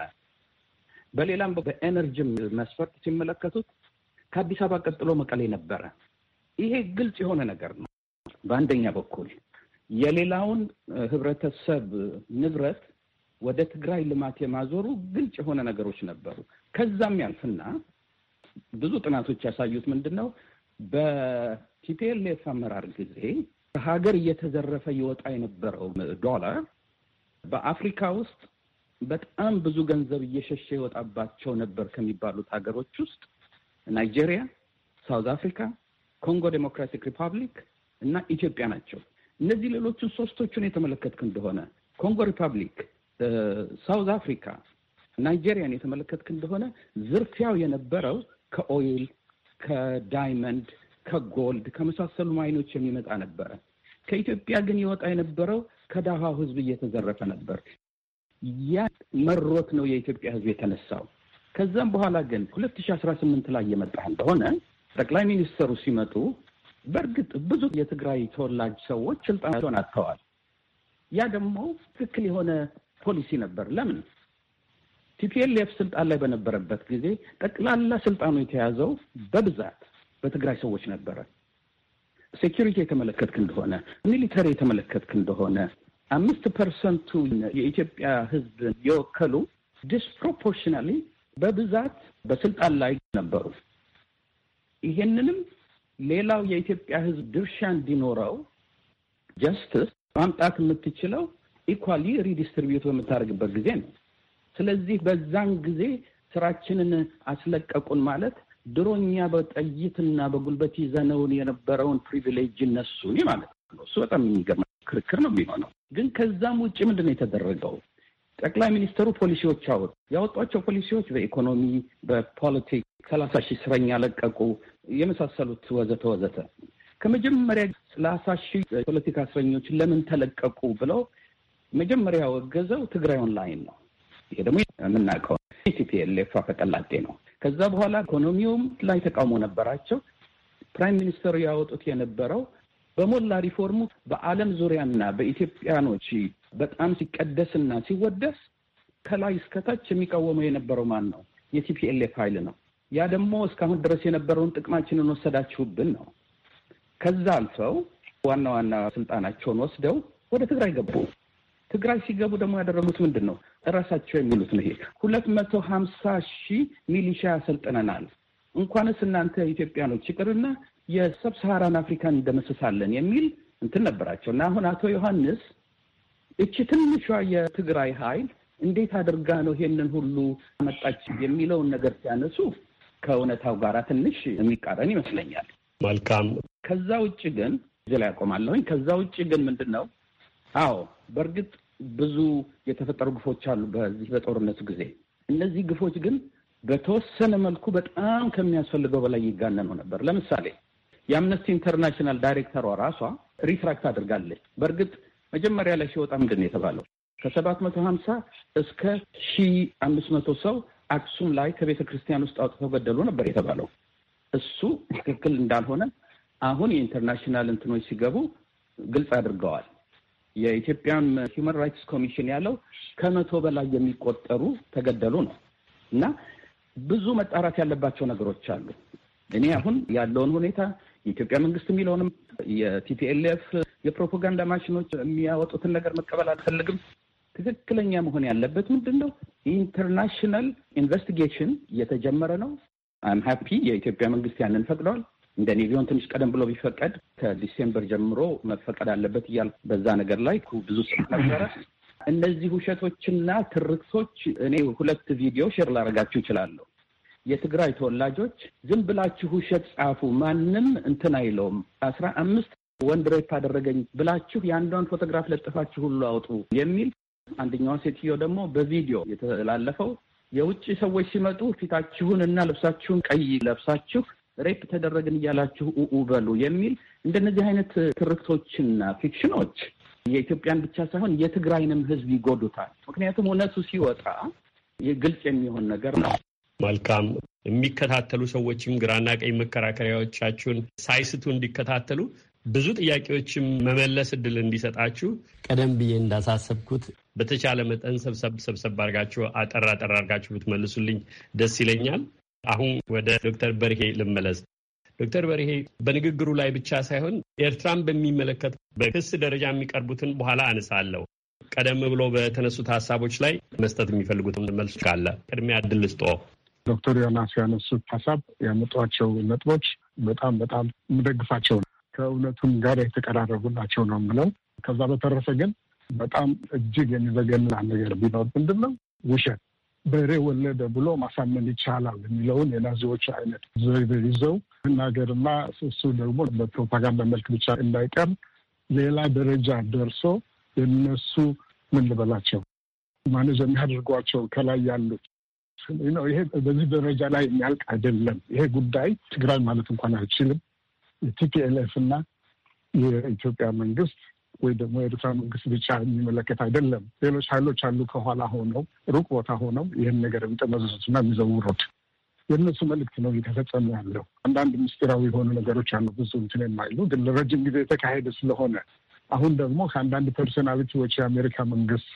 በሌላም በኤነርጂም መስፈርት ሲመለከቱት ከአዲስ አበባ ቀጥሎ መቀሌ ነበረ። ይሄ ግልጽ የሆነ ነገር ነው። በአንደኛ በኩል የሌላውን ህብረተሰብ ንብረት ወደ ትግራይ ልማት የማዞሩ ግልጽ የሆነ ነገሮች ነበሩ። ከዛም ያልፍና ብዙ ጥናቶች ያሳዩት ምንድን ነው በቲፒኤልኤፍ አመራር ጊዜ ከሀገር እየተዘረፈ ይወጣ የነበረው ዶላር በአፍሪካ ውስጥ በጣም ብዙ ገንዘብ እየሸሸ ይወጣባቸው ነበር ከሚባሉት ሀገሮች ውስጥ ናይጄሪያ፣ ሳውዝ አፍሪካ፣ ኮንጎ ዴሞክራቲክ ሪፐብሊክ እና ኢትዮጵያ ናቸው። እነዚህ ሌሎቹን ሶስቶቹን የተመለከትክ እንደሆነ ኮንጎ ሪፐብሊክ፣ ሳውዝ አፍሪካ፣ ናይጄሪያን የተመለከትክ እንደሆነ ዝርፊያው የነበረው ከኦይል ከዳይመንድ ከጎልድ ከመሳሰሉ ማይኖች የሚመጣ ነበረ። ከኢትዮጵያ ግን ይወጣ የነበረው ከዳሃው ህዝብ እየተዘረፈ ነበር። ያ መሮት ነው የኢትዮጵያ ህዝብ የተነሳው። ከዛም በኋላ ግን ሁለት አስራ ስምንት ላይ የመጣ እንደሆነ ጠቅላይ ሚኒስትሩ ሲመጡ በእርግጥ ብዙ የትግራይ ተወላጅ ሰዎች ስልጣናቸውን አጥተዋል። ያ ደግሞ ትክክል የሆነ ፖሊሲ ነበር። ለምን ቲፒኤልኤፍ ስልጣን ላይ በነበረበት ጊዜ ጠቅላላ ስልጣኑ የተያዘው በብዛት በትግራይ ሰዎች ነበረ። ሴኪሪቲ የተመለከትክ እንደሆነ ሚሊተሪ የተመለከትክ እንደሆነ አምስት ፐርሰንቱ የኢትዮጵያ ሕዝብ የወከሉ ዲስፕሮፖርሽናሊ በብዛት በስልጣን ላይ ነበሩ። ይሄንንም ሌላው የኢትዮጵያ ሕዝብ ድርሻ እንዲኖረው ጀስትስ ማምጣት የምትችለው ኢኳሊ ሪዲስትሪቢዩት በምታደርግበት ጊዜ ነው። ስለዚህ በዛን ጊዜ ስራችንን አስለቀቁን ማለት ድሮኛ በጠይትና በጉልበት ይዘነውን የነበረውን ፕሪቪሌጅ እነሱ ማለት ነው። እሱ በጣም የሚገርም ክርክር ነው የሚሆነው። ግን ከዛም ውጭ ምንድን ነው የተደረገው? ጠቅላይ ሚኒስትሩ ፖሊሲዎች አወጡ። ያወጧቸው ፖሊሲዎች በኢኮኖሚ፣ በፖለቲክ ሰላሳ ሺህ እስረኛ ለቀቁ፣ የመሳሰሉት ወዘተ ወዘተ። ከመጀመሪያ ሰላሳ ሺህ ፖለቲካ እስረኞች ለምን ተለቀቁ ብለው መጀመሪያ ያወገዘው ትግራይ ኦንላይን ነው። ይሄ ደግሞ የምናውቀው ቲፒኤልኤፍ አፈቀላጤ ነው። ከዛ በኋላ ኢኮኖሚውም ላይ ተቃውሞ ነበራቸው። ፕራይም ሚኒስተሩ ያወጡት የነበረው በሞላ ሪፎርሙ በዓለም ዙሪያና በኢትዮጵያኖች በጣም ሲቀደስና ሲወደስ ከላይ እስከታች የሚቃወመው የነበረው ማን ነው? የቲፒኤልኤፍ ኃይል ነው። ያ ደግሞ እስካሁን ድረስ የነበረውን ጥቅማችንን ወሰዳችሁብን ነው። ከዛ አልፈው ዋና ዋና ስልጣናቸውን ወስደው ወደ ትግራይ ገቡ። ትግራይ ሲገቡ ደግሞ ያደረጉት ምንድን ነው? እራሳቸው የሚሉት ነው። ይሄ ሁለት መቶ ሀምሳ ሺህ ሚሊሻ ያሰልጥነናል። እንኳንስ እናንተ ኢትዮጵያኖች ይቅርና የሰብሳራን አፍሪካን እንደመስሳለን የሚል እንትን ነበራቸው እና አሁን አቶ ዮሐንስ እቺ ትንሿ የትግራይ ኃይል እንዴት አድርጋ ነው ይሄንን ሁሉ አመጣች የሚለውን ነገር ሲያነሱ ከእውነታው ጋራ ትንሽ የሚቃረን ይመስለኛል። መልካም። ከዛ ውጭ ግን እዚህ ላይ ያቆማለሁኝ። ከዛ ውጭ ግን ምንድን ነው አዎ፣ በእርግጥ ብዙ የተፈጠሩ ግፎች አሉ በዚህ በጦርነቱ ጊዜ። እነዚህ ግፎች ግን በተወሰነ መልኩ በጣም ከሚያስፈልገው በላይ ይጋነኑ ነበር። ለምሳሌ የአምነስቲ ኢንተርናሽናል ዳይሬክተሯ ራሷ ሪትራክት አድርጋለች። በእርግጥ መጀመሪያ ላይ ሲወጣ ምንድን ነው የተባለው? ከሰባት መቶ ሀምሳ እስከ ሺ አምስት መቶ ሰው አክሱም ላይ ከቤተ ክርስቲያን ውስጥ አውጥተው ገደሉ ነበር የተባለው። እሱ ትክክል እንዳልሆነ አሁን የኢንተርናሽናል እንትኖች ሲገቡ ግልጽ አድርገዋል። የኢትዮጵያን ሂውማን ራይትስ ኮሚሽን ያለው ከመቶ በላይ የሚቆጠሩ ተገደሉ ነው እና ብዙ መጣራት ያለባቸው ነገሮች አሉ። እኔ አሁን ያለውን ሁኔታ የኢትዮጵያ መንግስት የሚለውንም የቲፒኤልኤፍ የፕሮፓጋንዳ ማሽኖች የሚያወጡትን ነገር መቀበል አልፈልግም። ትክክለኛ መሆን ያለበት ምንድን ነው? ኢንተርናሽናል ኢንቨስቲጌሽን እየተጀመረ ነው። አም ሀፒ የኢትዮጵያ መንግስት ያንን ፈቅደዋል። እንደ ቢሆን ትንሽ ቀደም ብሎ ቢፈቀድ ከዲሴምበር ጀምሮ መፈቀድ አለበት እያል በዛ ነገር ላይ ብዙ ጽሑፍ ነበረ። እነዚህ ውሸቶችና ትርክቶች እኔ ሁለት ቪዲዮ ሼር ላረጋችሁ እችላለሁ። የትግራይ ተወላጆች ዝም ብላችሁ ውሸት ጻፉ፣ ማንም እንትን አይለውም። አስራ አምስት ወንድ ሬፕ አደረገኝ ብላችሁ የአንዷን ፎቶግራፍ ለጥፋችሁ ሁሉ አውጡ የሚል አንደኛዋ ሴትዮ ደግሞ በቪዲዮ የተላለፈው የውጭ ሰዎች ሲመጡ ፊታችሁን እና ልብሳችሁን ቀይ ለብሳችሁ ሬፕ ተደረግን እያላችሁ ኡኡ በሉ የሚል እንደነዚህ አይነት ትርክቶችና ፊክሽኖች የኢትዮጵያን ብቻ ሳይሆን የትግራይንም ህዝብ ይጎዱታል። ምክንያቱም እውነቱ ሲወጣ ግልጽ የሚሆን ነገር ነው። መልካም የሚከታተሉ ሰዎችም ግራና ቀኝ መከራከሪያዎቻችሁን ሳይስቱ እንዲከታተሉ ብዙ ጥያቄዎችም መመለስ እድል እንዲሰጣችሁ ቀደም ብዬ እንዳሳሰብኩት በተቻለ መጠን ሰብሰብ ሰብሰብ አርጋችሁ አጠር አጠር አርጋችሁ ብትመልሱልኝ ደስ ይለኛል። አሁን ወደ ዶክተር በርሄ ልመለስ። ዶክተር በርሄ በንግግሩ ላይ ብቻ ሳይሆን ኤርትራን በሚመለከት በክስ ደረጃ የሚቀርቡትን በኋላ አነሳለሁ። ቀደም ብሎ በተነሱት ሀሳቦች ላይ መስጠት የሚፈልጉትም መልስ ካለ ቅድሚያ እድል ስጦ። ዶክተር ዮናስ ያነሱት ሀሳብ ያመጧቸው ነጥቦች በጣም በጣም የምደግፋቸው ነው። ከእውነቱም ጋር የተቀራረቡ ናቸው ነው ብለው ከዛ በተረፈ ግን በጣም እጅግ የሚዘገንን ነገር ቢኖር ምንድን ነው ውሸት በሬ ወለደ ብሎ ማሳመን ይቻላል የሚለውን የናዚዎች አይነት ዘይቤ ይዘው እናገርና እሱ ደግሞ በፕሮፓጋንዳ መልክ ብቻ እንዳይቀር ሌላ ደረጃ ደርሶ የነሱ ምን ልበላቸው ማኔጅ የሚያደርጓቸው ከላይ ያሉት ይሄ በዚህ ደረጃ ላይ የሚያልቅ አይደለም። ይሄ ጉዳይ ትግራይ ማለት እንኳን አይችልም። የቲፒኤልኤፍ እና የኢትዮጵያ መንግስት ወይ ደግሞ የኤርትራ መንግስት ብቻ የሚመለከት አይደለም። ሌሎች ኃይሎች አሉ ከኋላ ሆነው ሩቅ ቦታ ሆነው ይህን ነገር የሚጠመዘዙትና የሚዘውሩት የእነሱ መልእክት ነው እየተፈጸመ ያለው። አንዳንድ ምስጢራዊ የሆኑ ነገሮች አሉ ብዙ እንትን የማይሉ ግን ለረጅም ጊዜ የተካሄደ ስለሆነ አሁን ደግሞ ከአንዳንድ ፐርሶናሊቲዎች የአሜሪካ መንግስት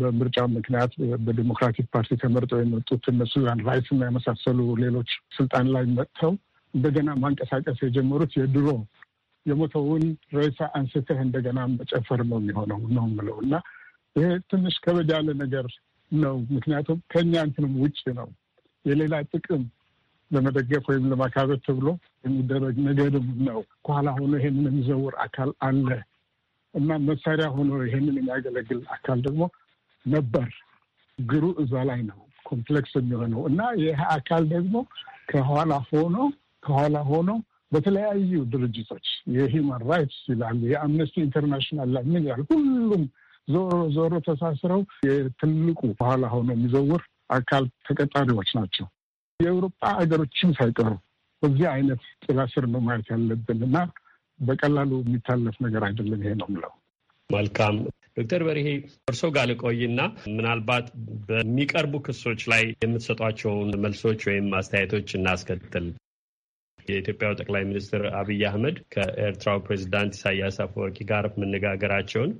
በምርጫ ምክንያት በዲሞክራቲክ ፓርቲ ተመርጠው የመጡት እነሱ ራይስ እና የመሳሰሉ ሌሎች ስልጣን ላይ መጥተው እንደገና ማንቀሳቀስ የጀመሩት የድሮ የሞተውን ሬሳ አንስተህ እንደገና መጨፈር ነው የሚሆነው ነው የምለው እና ይሄ ትንሽ ከበድ ያለ ነገር ነው። ምክንያቱም ከእኛ እንትንም ውጭ ነው የሌላ ጥቅም ለመደገፍ ወይም ለማካበት ተብሎ የሚደረግ ነገርም ነው። ከኋላ ሆኖ ይሄንን የሚዘውር አካል አለ እና መሳሪያ ሆኖ ይሄንን የሚያገለግል አካል ደግሞ ነበር። ግሩ እዛ ላይ ነው ኮምፕሌክስ የሚሆነው እና ይህ አካል ደግሞ ከኋላ ሆኖ ከኋላ ሆኖ በተለያዩ ድርጅቶች የሂውማን ራይትስ ይላሉ፣ የአምነስቲ ኢንተርናሽናል ላይ ምን ይላል፣ ሁሉም ዞሮ ዞሮ ተሳስረው የትልቁ በኋላ ሆኖ የሚዘውር አካል ተቀጣሪዎች ናቸው። የአውሮፓ ሀገሮችም ሳይቀሩ በዚህ አይነት ጥላ ስር ነው ማየት ያለብን እና በቀላሉ የሚታለፍ ነገር አይደለም። ይሄ ነው ምለው። መልካም ዶክተር በርሄ እርሶ ጋር ልቆይና ምናልባት በሚቀርቡ ክሶች ላይ የምትሰጧቸውን መልሶች ወይም አስተያየቶች እናስከትል። የኢትዮጵያው ጠቅላይ ሚኒስትር አብይ አህመድ ከኤርትራው ፕሬዚዳንት ኢሳያስ አፈወርቂ ጋር መነጋገራቸውን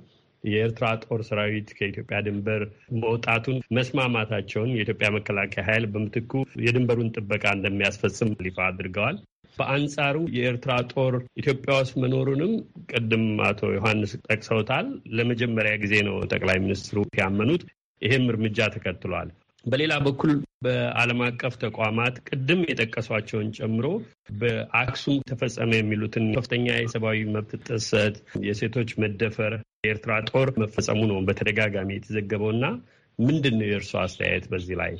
የኤርትራ ጦር ሰራዊት ከኢትዮጵያ ድንበር መውጣቱን መስማማታቸውን የኢትዮጵያ መከላከያ ኃይል በምትኩ የድንበሩን ጥበቃ እንደሚያስፈጽም ይፋ አድርገዋል። በአንጻሩ የኤርትራ ጦር ኢትዮጵያ ውስጥ መኖሩንም ቅድም አቶ ዮሐንስ ጠቅሰውታል። ለመጀመሪያ ጊዜ ነው ጠቅላይ ሚኒስትሩ ያመኑት። ይህም እርምጃ ተከትሏል። በሌላ በኩል በዓለም አቀፍ ተቋማት ቅድም የጠቀሷቸውን ጨምሮ በአክሱም ተፈጸመ የሚሉትን ከፍተኛ የሰብአዊ መብት ጥሰት፣ የሴቶች መደፈር የኤርትራ ጦር መፈጸሙ ነው በተደጋጋሚ የተዘገበው እና ምንድን ነው የእርሱ አስተያየት በዚህ ላይ?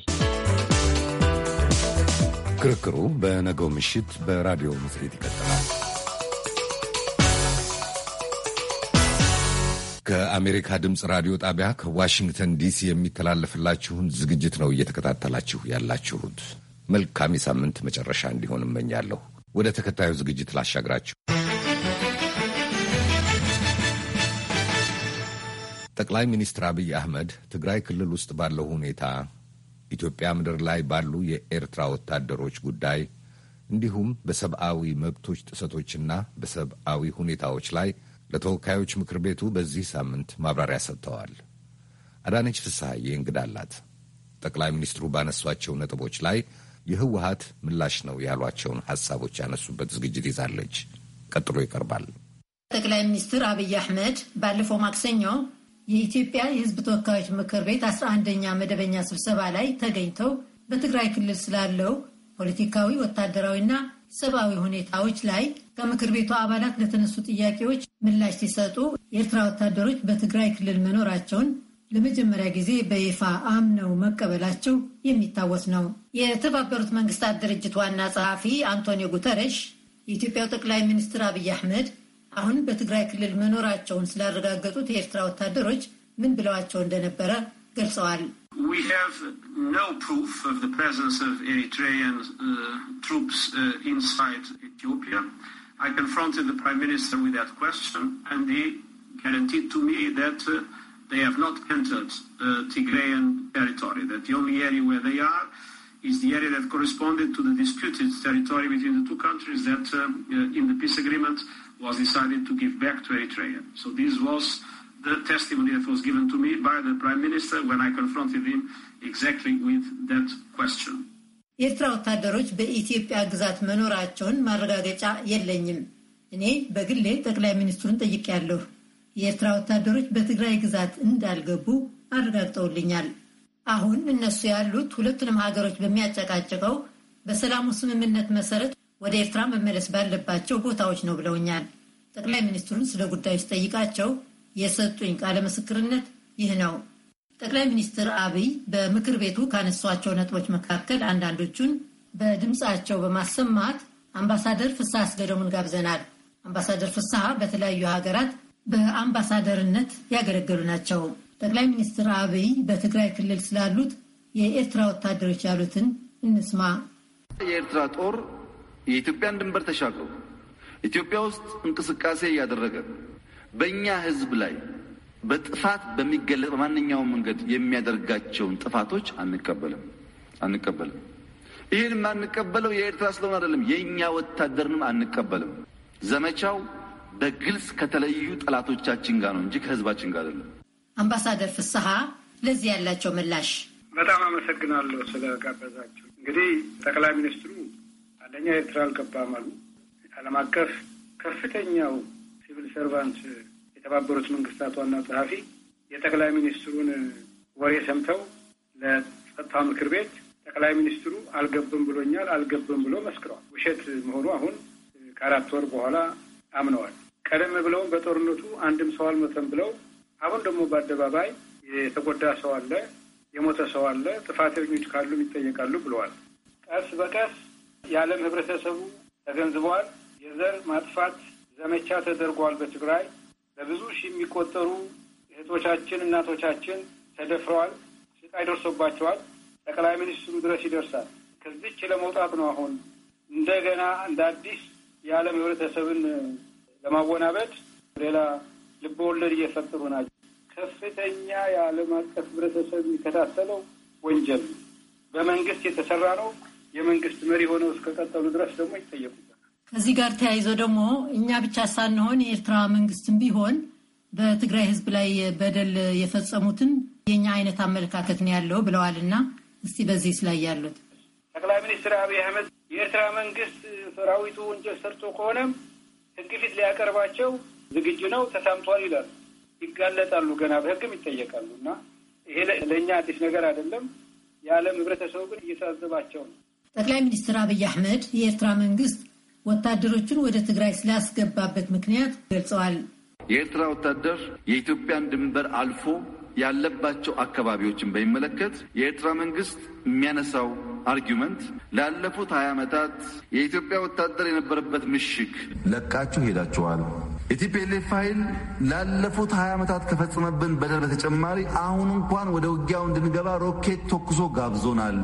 ክርክሩ በነገው ምሽት በራዲዮ መጽሔት ይቀጥላል። ከአሜሪካ ድምፅ ራዲዮ ጣቢያ ከዋሽንግተን ዲሲ የሚተላለፍላችሁን ዝግጅት ነው እየተከታተላችሁ ያላችሁት። መልካም የሳምንት መጨረሻ እንዲሆን እመኛለሁ። ወደ ተከታዩ ዝግጅት ላሻግራችሁ። ጠቅላይ ሚኒስትር አብይ አህመድ ትግራይ ክልል ውስጥ ባለው ሁኔታ፣ ኢትዮጵያ ምድር ላይ ባሉ የኤርትራ ወታደሮች ጉዳይ እንዲሁም በሰብአዊ መብቶች ጥሰቶችና በሰብአዊ ሁኔታዎች ላይ ለተወካዮች ምክር ቤቱ በዚህ ሳምንት ማብራሪያ ሰጥተዋል። አዳነች ፍስሐዬ እንግዳ አላት። ጠቅላይ ሚኒስትሩ ባነሷቸው ነጥቦች ላይ የህወሀት ምላሽ ነው ያሏቸውን ሀሳቦች ያነሱበት ዝግጅት ይዛለች። ቀጥሎ ይቀርባል። ጠቅላይ ሚኒስትር አብይ አህመድ ባለፈው ማክሰኞ የኢትዮጵያ የህዝብ ተወካዮች ምክር ቤት አስራ አንደኛ መደበኛ ስብሰባ ላይ ተገኝተው በትግራይ ክልል ስላለው ፖለቲካዊ፣ ወታደራዊና ሰብአዊ ሁኔታዎች ላይ ከምክር ቤቱ አባላት ለተነሱ ጥያቄዎች ምላሽ ሲሰጡ የኤርትራ ወታደሮች በትግራይ ክልል መኖራቸውን ለመጀመሪያ ጊዜ በይፋ አምነው መቀበላቸው የሚታወስ ነው። የተባበሩት መንግስታት ድርጅት ዋና ጸሐፊ አንቶኒዮ ጉተረሽ የኢትዮጵያው ጠቅላይ ሚኒስትር አብይ አህመድ አሁን በትግራይ ክልል መኖራቸውን ስላረጋገጡት የኤርትራ ወታደሮች ምን ብለዋቸው እንደነበረ ገልጸዋል። I confronted the Prime Minister with that question, and he guaranteed to me that uh, they have not entered uh, Tigrayan territory, that the only area where they are is the area that corresponded to the disputed territory between the two countries that uh, uh, in the peace agreement was decided to give back to Eritrea. So this was the testimony that was given to me by the Prime Minister when I confronted him exactly with that question. የኤርትራ ወታደሮች በኢትዮጵያ ግዛት መኖራቸውን ማረጋገጫ የለኝም። እኔ በግሌ ጠቅላይ ሚኒስትሩን ጠይቄያለሁ። የኤርትራ ወታደሮች በትግራይ ግዛት እንዳልገቡ አረጋግጠውልኛል። አሁን እነሱ ያሉት ሁለቱንም ሀገሮች በሚያጨቃጭቀው በሰላሙ ስምምነት መሰረት ወደ ኤርትራ መመለስ ባለባቸው ቦታዎች ነው ብለውኛል። ጠቅላይ ሚኒስትሩን ስለ ጉዳዮች ጠይቃቸው የሰጡኝ ቃለ ምስክርነት ይህ ነው። ጠቅላይ ሚኒስትር አብይ በምክር ቤቱ ካነሷቸው ነጥቦች መካከል አንዳንዶቹን በድምፃቸው በማሰማት አምባሳደር ፍስሐ አስገደሙን ጋብዘናል። አምባሳደር ፍስሐ በተለያዩ ሀገራት በአምባሳደርነት ያገለገሉ ናቸው። ጠቅላይ ሚኒስትር አብይ በትግራይ ክልል ስላሉት የኤርትራ ወታደሮች ያሉትን እንስማ። የኤርትራ ጦር የኢትዮጵያን ድንበር ተሻግሮ ኢትዮጵያ ውስጥ እንቅስቃሴ እያደረገ በእኛ ሕዝብ ላይ በጥፋት በሚገለጽ በማንኛውም መንገድ የሚያደርጋቸውን ጥፋቶች አንቀበልም አንቀበልም። ይህን የማንቀበለው የኤርትራ ስለሆነ አይደለም፣ የእኛ ወታደርንም አንቀበልም። ዘመቻው በግልጽ ከተለዩ ጠላቶቻችን ጋር ነው እንጂ ከህዝባችን ጋር አይደለም። አምባሳደር ፍስሐ ለዚህ ያላቸው ምላሽ በጣም አመሰግናለሁ ስለጋበዛቸው። እንግዲህ ጠቅላይ ሚኒስትሩ አንደኛ ኤርትራ አልገባም አሉ። ዓለም አቀፍ ከፍተኛው ሲቪል ሰርቫንት የተባበሩት መንግስታት ዋና ጸሐፊ የጠቅላይ ሚኒስትሩን ወሬ ሰምተው ለጸጥታ ምክር ቤት ጠቅላይ ሚኒስትሩ አልገብም ብሎኛል አልገብም ብሎ መስክረዋል። ውሸት መሆኑ አሁን ከአራት ወር በኋላ አምነዋል። ቀደም ብለውም በጦርነቱ አንድም ሰው አልሞተም ብለው አሁን ደግሞ በአደባባይ የተጎዳ ሰው አለ፣ የሞተ ሰው አለ፣ ጥፋተኞች ካሉም ይጠየቃሉ ብለዋል። ቀስ በቀስ የዓለም ህብረተሰቡ ተገንዝበዋል። የዘር ማጥፋት ዘመቻ ተደርጓል በትግራይ በብዙ ሺህ የሚቆጠሩ እህቶቻችን፣ እናቶቻችን ተደፍረዋል። ስቃይ ደርሶባቸዋል። ጠቅላይ ሚኒስትሩ ድረስ ይደርሳል። ከዚች ለመውጣት ነው አሁን እንደገና እንደ አዲስ የዓለም ህብረተሰብን ለማወናበድ ሌላ ልብ ወለድ እየፈጠሩ ናቸው። ከፍተኛ የዓለም አቀፍ ህብረተሰብ የሚከታተለው ወንጀል በመንግስት የተሰራ ነው። የመንግስት መሪ ሆነው እስከቀጠሉ ድረስ ደግሞ ይጠየቁበት ከዚህ ጋር ተያይዞ ደግሞ እኛ ብቻ ሳንሆን የኤርትራ መንግስትም ቢሆን በትግራይ ህዝብ ላይ በደል የፈጸሙትን የኛ አይነት አመለካከት ነው ያለው ብለዋል። እና እስቲ በዚህ ላይ ያሉት ጠቅላይ ሚኒስትር አብይ አህመድ የኤርትራ መንግስት ሰራዊቱ ወንጀል ሰርቶ ከሆነ ህግ ፊት ሊያቀርባቸው ዝግጁ ነው፣ ተሳምቷል ይላሉ። ይጋለጣሉ፣ ገና በህግም ይጠየቃሉ። እና ይሄ ለእኛ አዲስ ነገር አይደለም። የዓለም ህብረተሰቡ ግን እየታዘባቸው ነው። ጠቅላይ ሚኒስትር አብይ አህመድ የኤርትራ መንግስት ወታደሮቹን ወደ ትግራይ ስላስገባበት ምክንያት ገልጸዋል። የኤርትራ ወታደር የኢትዮጵያን ድንበር አልፎ ያለባቸው አካባቢዎችን በሚመለከት የኤርትራ መንግስት የሚያነሳው አርጊመንት ላለፉት ሀያ ዓመታት የኢትዮጵያ ወታደር የነበረበት ምሽግ ለቃችሁ ሄዳችኋል። የቲፒኤልኤፍ ኃይል ላለፉት ሀያ ዓመታት ከፈጸመብን በደል በተጨማሪ አሁን እንኳን ወደ ውጊያው እንድንገባ ሮኬት ተኩሶ ጋብዞናል።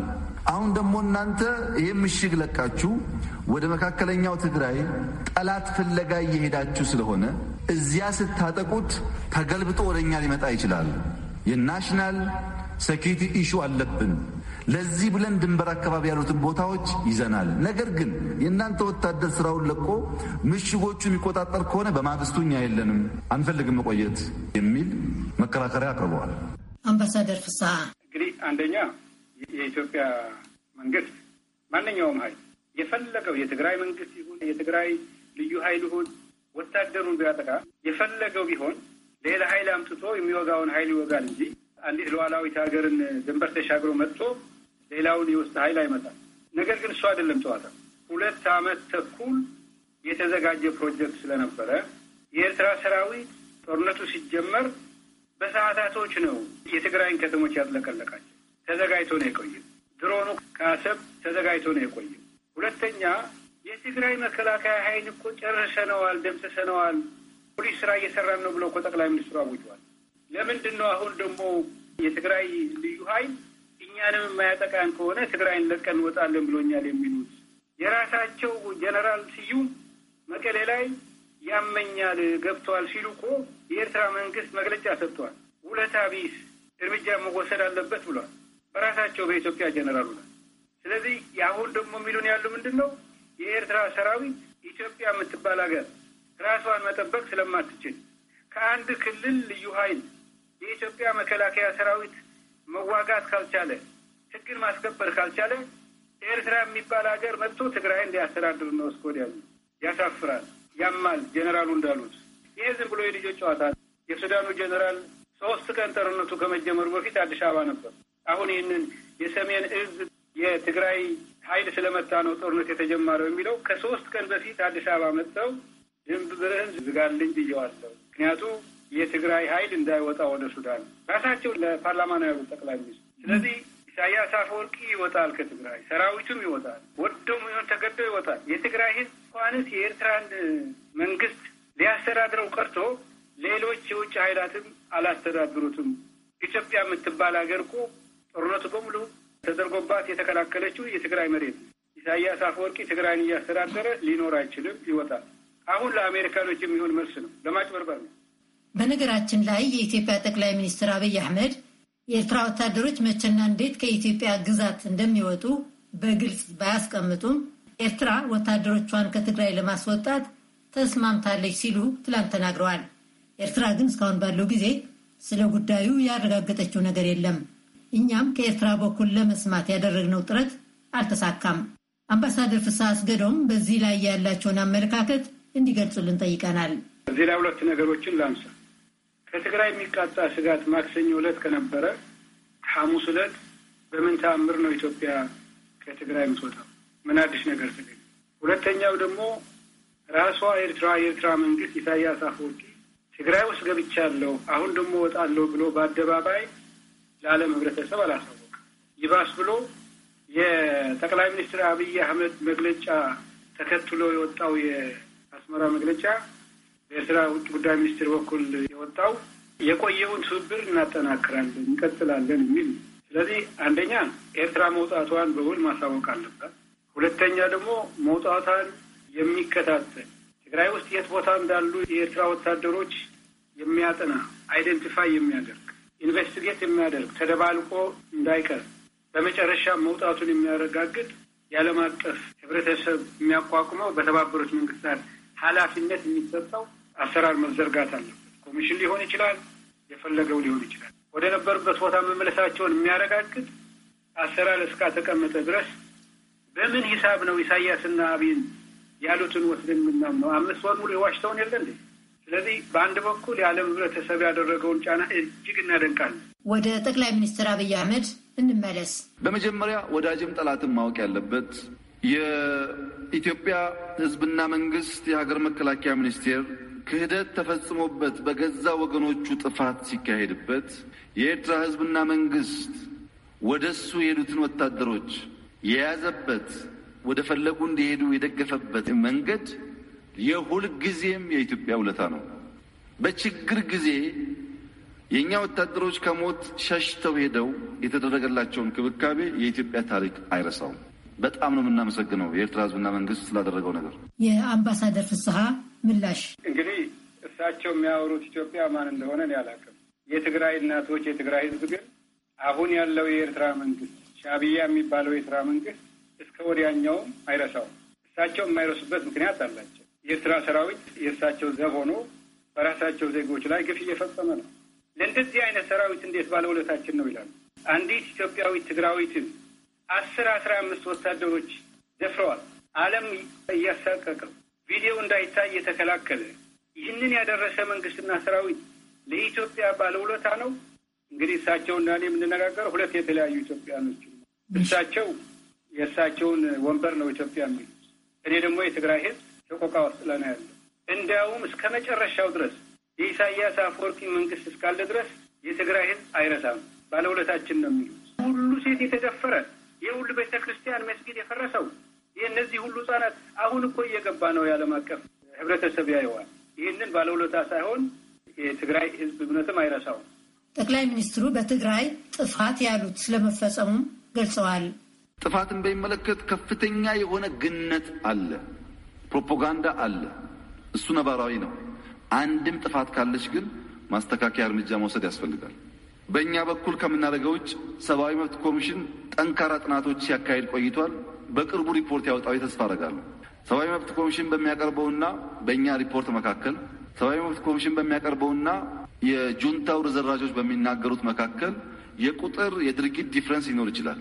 አሁን ደግሞ እናንተ ይህ ምሽግ ለቃችሁ ወደ መካከለኛው ትግራይ ጠላት ፍለጋ እየሄዳችሁ ስለሆነ እዚያ ስታጠቁት ተገልብጦ ወደ እኛ ሊመጣ ይችላል። የናሽናል ሴኪሪቲ ኢሹ አለብን። ለዚህ ብለን ድንበር አካባቢ ያሉትን ቦታዎች ይዘናል። ነገር ግን የእናንተ ወታደር ስራውን ለቆ ምሽጎቹ የሚቆጣጠር ከሆነ በማግስቱ እኛ የለንም፣ አንፈልግም መቆየት የሚል መከራከሪያ አቅርበዋል። አምባሳደር ፍስሐ እንግዲህ አንደኛ የኢትዮጵያ መንግስት ማንኛውም ኃይል የፈለገው የትግራይ መንግስት ይሁን የትግራይ ልዩ ኃይል ይሁን ወታደሩን ቢያጠቃ የፈለገው ቢሆን ሌላ ኃይል አምጥቶ የሚወጋውን ኃይል ይወጋል እንጂ አንዲት ሉዓላዊት ሀገርን ድንበር ተሻግሮ መጥቶ ሌላውን የውስጥ ኃይል አይመጣም። ነገር ግን እሱ አይደለም ጨዋታ። ሁለት አመት ተኩል የተዘጋጀ ፕሮጀክት ስለነበረ የኤርትራ ሰራዊት ጦርነቱ ሲጀመር በሰዓታቶች ነው የትግራይን ከተሞች ያጥለቀለቃቸው። ተዘጋጅቶ ነው የቆየው። ድሮኑ ከአሰብ ተዘጋጅቶ ነው የቆየው። ሁለተኛ የትግራይ መከላከያ ኃይል እኮ ጨርሰነዋል፣ ደምስሰነዋል፣ ፖሊስ ስራ እየሰራን ነው ብሎ እኮ ጠቅላይ ሚኒስትሩ አውጇል። ለምንድን ነው አሁን ደግሞ የትግራይ ልዩ ኃይል እኛንም የማያጠቃን ከሆነ ትግራይን ለቀን እንወጣለን ብሎኛል የሚሉት? የራሳቸው ጀነራል ስዩም መቀሌ ላይ ያመኛል ገብተዋል ሲሉ እኮ የኤርትራ መንግስት መግለጫ ሰጥቷል። ውለታ ቢስ እርምጃ መወሰድ አለበት ብሏል። በራሳቸው በኢትዮጵያ ጀነራሉ ነ ስለዚህ የአሁን ደግሞ የሚሉን ያሉ ምንድን ነው የኤርትራ ሰራዊት ኢትዮጵያ የምትባል ሀገር ራሷን መጠበቅ ስለማትችል ከአንድ ክልል ልዩ ኃይል የኢትዮጵያ መከላከያ ሰራዊት መዋጋት ካልቻለ፣ ህግን ማስከበር ካልቻለ ኤርትራ የሚባል ሀገር መጥቶ ትግራይን ሊያስተዳድር ነው እስኮድ ያሉ ያሳፍራል፣ ያማል። ጀኔራሉ እንዳሉት ይሄ ዝም ብሎ የልጆች ጨዋታ። የሱዳኑ ጀኔራል ሶስት ቀን ጦርነቱ ከመጀመሩ በፊት አዲስ አበባ ነበር። አሁን ይህንን የሰሜን እዝ የትግራይ ኃይል ስለመታ ነው ጦርነት የተጀመረው የሚለው ከሶስት ቀን በፊት አዲስ አበባ መጥተው ዝንብ ብርህን ዝጋልኝ ብየዋለሁ። ምክንያቱ የትግራይ ኃይል እንዳይወጣ ወደ ሱዳን ራሳቸው ለፓርላማ ነው ያሉት ጠቅላይ ሚኒስትር። ስለዚህ ኢሳያስ አፈወርቂ ይወጣል ከትግራይ ሰራዊቱም ይወጣል፣ ወዶም ይሆን ተገዶ ይወጣል። የትግራይ ህዝብ እንኳንስ የኤርትራን መንግስት ሊያስተዳድረው ቀርቶ ሌሎች የውጭ ኃይላትም አላስተዳድሩትም። ኢትዮጵያ የምትባል ሀገር እኮ ጦርነቱ በሙሉ ተደርጎባት የተከላከለችው የትግራይ መሬት ኢሳያስ አፈወርቂ ትግራይን እያስተዳደረ ሊኖር አይችልም፣ ይወጣል። አሁን ለአሜሪካኖች የሚሆን መልስ ነው፣ ለማጭበርበር ነው። በነገራችን ላይ የኢትዮጵያ ጠቅላይ ሚኒስትር አብይ አህመድ የኤርትራ ወታደሮች መቼና እንዴት ከኢትዮጵያ ግዛት እንደሚወጡ በግልጽ ባያስቀምጡም ኤርትራ ወታደሮቿን ከትግራይ ለማስወጣት ተስማምታለች ሲሉ ትላንት ተናግረዋል። ኤርትራ ግን እስካሁን ባለው ጊዜ ስለ ጉዳዩ ያረጋገጠችው ነገር የለም። እኛም ከኤርትራ በኩል ለመስማት ያደረግነው ጥረት አልተሳካም። አምባሳደር ፍስሐ አስገዶም በዚህ ላይ ያላቸውን አመለካከት እንዲገልጹልን ጠይቀናል። እዚህ ላይ ሁለት ነገሮችን ላንሳ። ከትግራይ የሚቃጣ ስጋት ማክሰኞ ዕለት ከነበረ ሐሙስ ዕለት በምን ተአምር ነው ኢትዮጵያ ከትግራይ የምትወጣው? ምን አዲስ ነገር ተገኘ? ሁለተኛው ደግሞ ራሷ ኤርትራ የኤርትራ መንግስት ኢሳያስ አፈወርቂ ትግራይ ውስጥ ገብቻለሁ አሁን ደግሞ ወጣለሁ ብሎ በአደባባይ ለዓለም ህብረተሰብ አላሳወቅም። ይባስ ብሎ የጠቅላይ ሚኒስትር አብይ አህመድ መግለጫ ተከትሎ የወጣው የአስመራ መግለጫ በኤርትራ ውጭ ጉዳይ ሚኒስትር በኩል የወጣው የቆየውን ትብብር እናጠናክራለን፣ እንቀጥላለን የሚል ስለዚህ አንደኛ ኤርትራ መውጣቷን በውል ማሳወቅ አለባት። ሁለተኛ ደግሞ መውጣቷን የሚከታተል ትግራይ ውስጥ የት ቦታ እንዳሉ የኤርትራ ወታደሮች የሚያጠና አይደንቲፋይ የሚያደርግ ኢንቨስቲጌት የሚያደርግ ተደባልቆ እንዳይቀር በመጨረሻ መውጣቱን የሚያረጋግጥ የዓለም አቀፍ ህብረተሰብ የሚያቋቁመው በተባበሩት መንግስታት ኃላፊነት የሚሰጠው አሰራር መዘርጋት አለበት። ኮሚሽን ሊሆን ይችላል፣ የፈለገው ሊሆን ይችላል። ወደ ነበሩበት ቦታ መመለሳቸውን የሚያረጋግጥ አሰራር እስካተቀመጠ ድረስ በምን ሂሳብ ነው ኢሳያስና አብይን ያሉትን ወስደን የምናምነው? አምስት ወር ሙሉ የዋሽተውን የለ እንዴ? ስለዚህ በአንድ በኩል የዓለም ህብረተሰብ ያደረገውን ጫና እጅግ እናደንቃለን። ወደ ጠቅላይ ሚኒስትር አብይ አህመድ እንመለስ። በመጀመሪያ ወዳጅም ጠላትም ማወቅ ያለበት የኢትዮጵያ ህዝብና መንግስት የሀገር መከላከያ ሚኒስቴር ክህደት ተፈጽሞበት በገዛ ወገኖቹ ጥፋት ሲካሄድበት የኤርትራ ህዝብና መንግስት ወደ እሱ የሄዱትን ወታደሮች የያዘበት ወደ ፈለጉ እንዲሄዱ የደገፈበት መንገድ የሁልጊዜም የኢትዮጵያ ውለታ ነው። በችግር ጊዜ የእኛ ወታደሮች ከሞት ሸሽተው ሄደው የተደረገላቸውን እንክብካቤ የኢትዮጵያ ታሪክ አይረሳውም። በጣም ነው የምናመሰግነው የኤርትራ ሕዝብና መንግስት ስላደረገው ነገር። የአምባሳደር ፍስሀ ምላሽ እንግዲህ እሳቸው የሚያወሩት ኢትዮጵያ ማን እንደሆነ እኔ አላውቅም። የትግራይ እናቶች፣ የትግራይ ሕዝብ ግን አሁን ያለው የኤርትራ መንግስት ሻዕቢያ የሚባለው የኤርትራ መንግስት እስከ ወዲያኛውም አይረሳውም። እሳቸው የማይረሱበት ምክንያት አላቸው። የኤርትራ ሰራዊት የእርሳቸው ዘብ ሆኖ በራሳቸው ዜጎች ላይ ግፍ እየፈጸመ ነው። ለእንደዚህ አይነት ሰራዊት እንዴት ባለውለታችን ነው ይላሉ። አንዲት ኢትዮጵያዊት ትግራዊትን አስር አስራ አምስት ወታደሮች ደፍረዋል። ዓለም እያሳቀቀው ቪዲዮ እንዳይታይ የተከላከለ ይህንን ያደረሰ መንግስትና ሰራዊት ለኢትዮጵያ ባለውለታ ነው። እንግዲህ እሳቸውና እኔ የምንነጋገረው ሁለት የተለያዩ ኢትዮጵያኖች። እሳቸው የእሳቸውን ወንበር ነው ኢትዮጵያ የሚሉት፣ እኔ ደግሞ የትግራይ ህዝብ ጨቆቃ ውስጥ ላይ ነው ያለው። እንዲያውም እስከ መጨረሻው ድረስ የኢሳያስ አፈወርቂ መንግስት እስካለ ድረስ የትግራይ ህዝብ አይረሳም፣ ባለውለታችን ነው የሚሉት። ሁሉ ሴት የተደፈረ የሁሉ ቤተክርስቲያን ቤተ ክርስቲያን መስጊድ የፈረሰው የእነዚህ ሁሉ ህጻናት አሁን እኮ እየገባ ነው የዓለም አቀፍ ህብረተሰብ ያየዋል። ይህንን ባለውለታ ሳይሆን የትግራይ ህዝብ እምነትም አይረሳውም። ጠቅላይ ሚኒስትሩ በትግራይ ጥፋት ያሉት ስለመፈጸሙም ገልጸዋል። ጥፋትን በሚመለከት ከፍተኛ የሆነ ግነት አለ። ፕሮፓጋንዳ አለ። እሱ ነባራዊ ነው። አንድም ጥፋት ካለች ግን ማስተካከያ እርምጃ መውሰድ ያስፈልጋል። በእኛ በኩል ከምናደርገው ውጭ ሰብአዊ መብት ኮሚሽን ጠንካራ ጥናቶች ሲያካሄድ ቆይቷል። በቅርቡ ሪፖርት ያወጣዊ ተስፋ አደርጋለሁ። ሰብአዊ መብት ኮሚሽን በሚያቀርበውና በእኛ ሪፖርት መካከል ሰብአዊ መብት ኮሚሽን በሚያቀርበውና የጁንታው ርዘራጆች በሚናገሩት መካከል የቁጥር የድርጊት ዲፍረንስ ሊኖር ይችላል።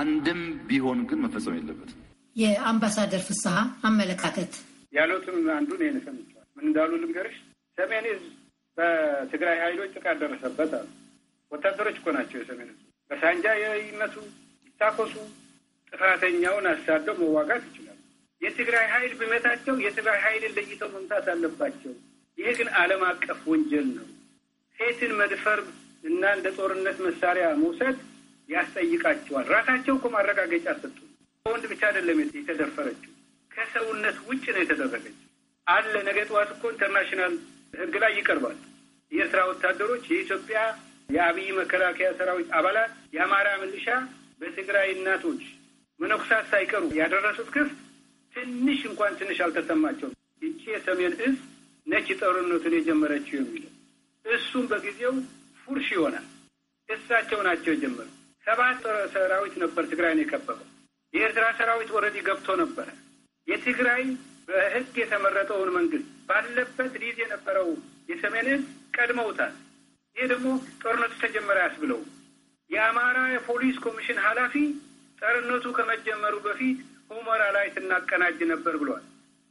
አንድም ቢሆን ግን መፈጸም የለበትም። የአምባሳደር ፍስሀ አመለካከት ያሉትም አንዱ ነው ሰምቸዋል። ምን እንዳሉ ልንገርሽ። ሰሜን ህዝብ በትግራይ ኃይሎች ጥቃት ደረሰበት አሉ። ወታደሮች እኮ ናቸው። የሰሜን ህዝብ። በሳንጃ ይመቱ ይታኮሱ፣ ጥፋተኛውን አሳደው መዋጋት ይችላሉ። የትግራይ ኃይል ብመታቸው የትግራይ ኃይልን ለይተው መምታት አለባቸው። ይሄ ግን ዓለም አቀፍ ወንጀል ነው። ሴትን መድፈር እና እንደ ጦርነት መሳሪያ መውሰድ ያስጠይቃቸዋል። ራሳቸው እኮ ማረጋገጫ ሰጡ። ወንድ ብቻ አይደለም የተደፈረችው፣ ከሰውነት ውጭ ነው የተደረገች አለ። ነገ ጠዋት እኮ ኢንተርናሽናል ህግ ላይ ይቀርባል። የኤርትራ ወታደሮች፣ የኢትዮጵያ የአብይ መከላከያ ሰራዊት አባላት፣ የአማራ ምልሻ በትግራይ እናቶች መነኩሳት ሳይቀሩ ያደረሱት ክፍ ትንሽ እንኳን ትንሽ አልተሰማቸውም። ይቺ የሰሜን እዝ ነች ጦርነቱን የጀመረችው የሚለው እሱም በጊዜው ፉርሽ ይሆናል። እሳቸው ናቸው የጀመሩ። ሰባት ጦር ሰራዊት ነበር ትግራይን የከበበው። የኤርትራ ሰራዊት ወረዲ ገብቶ ነበረ። የትግራይ በህግ የተመረጠውን መንግስት ባለበት ሊዝ የነበረው የሰሜን ህዝብ ቀድመውታል። ይህ ደግሞ ጦርነቱ ተጀመረ ያስብለው። የአማራ የፖሊስ ኮሚሽን ኃላፊ ጦርነቱ ከመጀመሩ በፊት ሁመራ ላይ ስናቀናጅ ነበር ብሏል።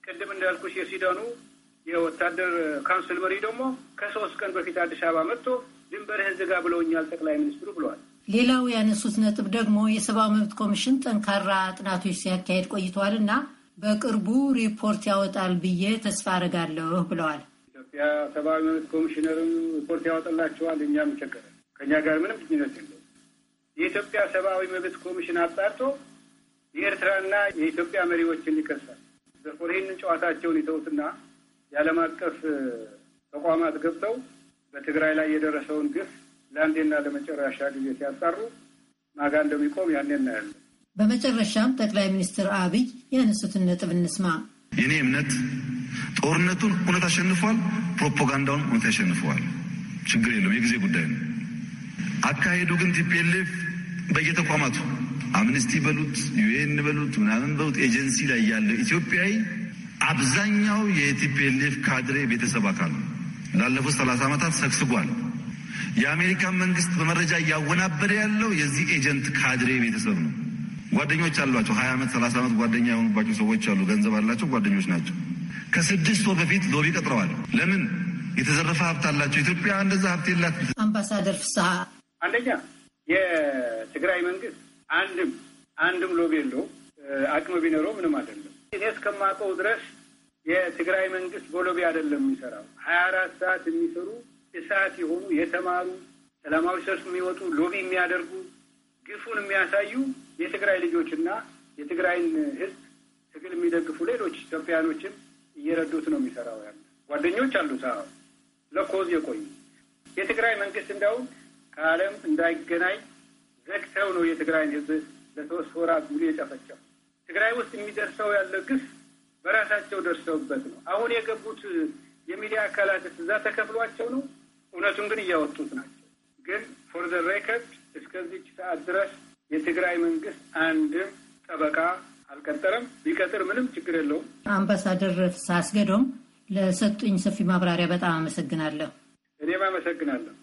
ቅድም እንዳልኩሽ የሲዳኑ የወታደር ካውንስል መሪ ደግሞ ከሶስት ቀን በፊት አዲስ አበባ መጥቶ ድንበርህን ዝጋ ብለውኛል ጠቅላይ ሚኒስትሩ ብለዋል። ሌላው ያነሱት ነጥብ ደግሞ የሰብአዊ መብት ኮሚሽን ጠንካራ ጥናቶች ሲያካሄድ ቆይተዋል እና በቅርቡ ሪፖርት ያወጣል ብዬ ተስፋ አደርጋለሁ ብለዋል። ኢትዮጵያ ሰብአዊ መብት ኮሚሽነርም ሪፖርት ያወጣላቸዋል። እኛም ቸገረ ከእኛ ጋር ምንም ግንኙነት የለው። የኢትዮጵያ ሰብአዊ መብት ኮሚሽን አጣርቶ የኤርትራና የኢትዮጵያ መሪዎችን ይከሳል። በፎሬን ጨዋታቸውን ይተውትና የዓለም አቀፍ ተቋማት ገብተው በትግራይ ላይ የደረሰውን ግፍ ለአንዴና ለመጨረሻ ጊዜ ሲያጣሩ ማጋ እንደሚቆም ያኔ እናያለን። በመጨረሻም ጠቅላይ ሚኒስትር አብይ ያነሱትን ነጥብ እንስማ። የኔ እምነት ጦርነቱን እውነት አሸንፏል፣ ፕሮፓጋንዳውን እውነት ያሸንፈዋል። ችግር የለውም፣ የጊዜ ጉዳይ ነው። አካሄዱ ግን ቲፒኤልኤፍ በየተቋማቱ አምነስቲ በሉት ዩኤን በሉት ምናምን በሉት ኤጀንሲ ላይ ያለው ኢትዮጵያዊ አብዛኛው የቲፒኤልኤፍ ካድሬ ቤተሰብ አካል ነው። ላለፉት ሰላሳ ዓመታት ሰግስጓል። የአሜሪካን መንግስት በመረጃ እያወናበደ ያለው የዚህ ኤጀንት ካድሬ ቤተሰብ ነው። ጓደኞች አሏቸው። ሀያ ዓመት ሰላሳ ዓመት ጓደኛ የሆኑባቸው ሰዎች አሉ። ገንዘብ አላቸው። ጓደኞች ናቸው። ከስድስት ወር በፊት ሎቢ ቀጥረዋል። ለምን? የተዘረፈ ሀብት አላቸው። ኢትዮጵያ እንደዛ ሀብት የላት። አምባሳደር ፍስሀ አንደኛ የትግራይ መንግስት አንድም አንድም ሎቢ የለውም። አቅም ቢኖረው ምንም አይደለም። እኔ እስከማውቀው ድረስ የትግራይ መንግስት በሎቢ አይደለም የሚሰራው ሀያ አራት ሰዓት የሚሰሩ እሳት የሆኑ የተማሩ ሰላማዊ ሰልፍ የሚወጡ ሎቢ የሚያደርጉ ግፉን የሚያሳዩ የትግራይ ልጆችና የትግራይን ህዝብ ትግል የሚደግፉ ሌሎች ኢትዮጵያኖችም እየረዱት ነው የሚሰራው ያለ ጓደኞች አሉት። አዎ ለኮዝ የቆዩ የትግራይ መንግስት እንዲያውም ከዓለም እንዳይገናኝ ዘግተው ነው የትግራይን ህዝብ ለሶስት ወራት ሙሉ የጨፈጨው። ትግራይ ውስጥ የሚደርሰው ያለ ግፍ በራሳቸው ደርሰውበት ነው። አሁን የገቡት የሚዲያ አካላት እዛ ተከፍሏቸው ነው እውነቱን ግን እያወጡት ናቸው። ግን ፎር ዘ ሬከርድ እስከዚች ሰዓት ድረስ የትግራይ መንግስት አንድም ጠበቃ አልቀጠረም። ቢቀጥር ምንም ችግር የለውም። አምባሳደር ፍስሐ አስገዶም ለሰጡኝ ሰፊ ማብራሪያ በጣም አመሰግናለሁ። እኔም አመሰግናለሁ።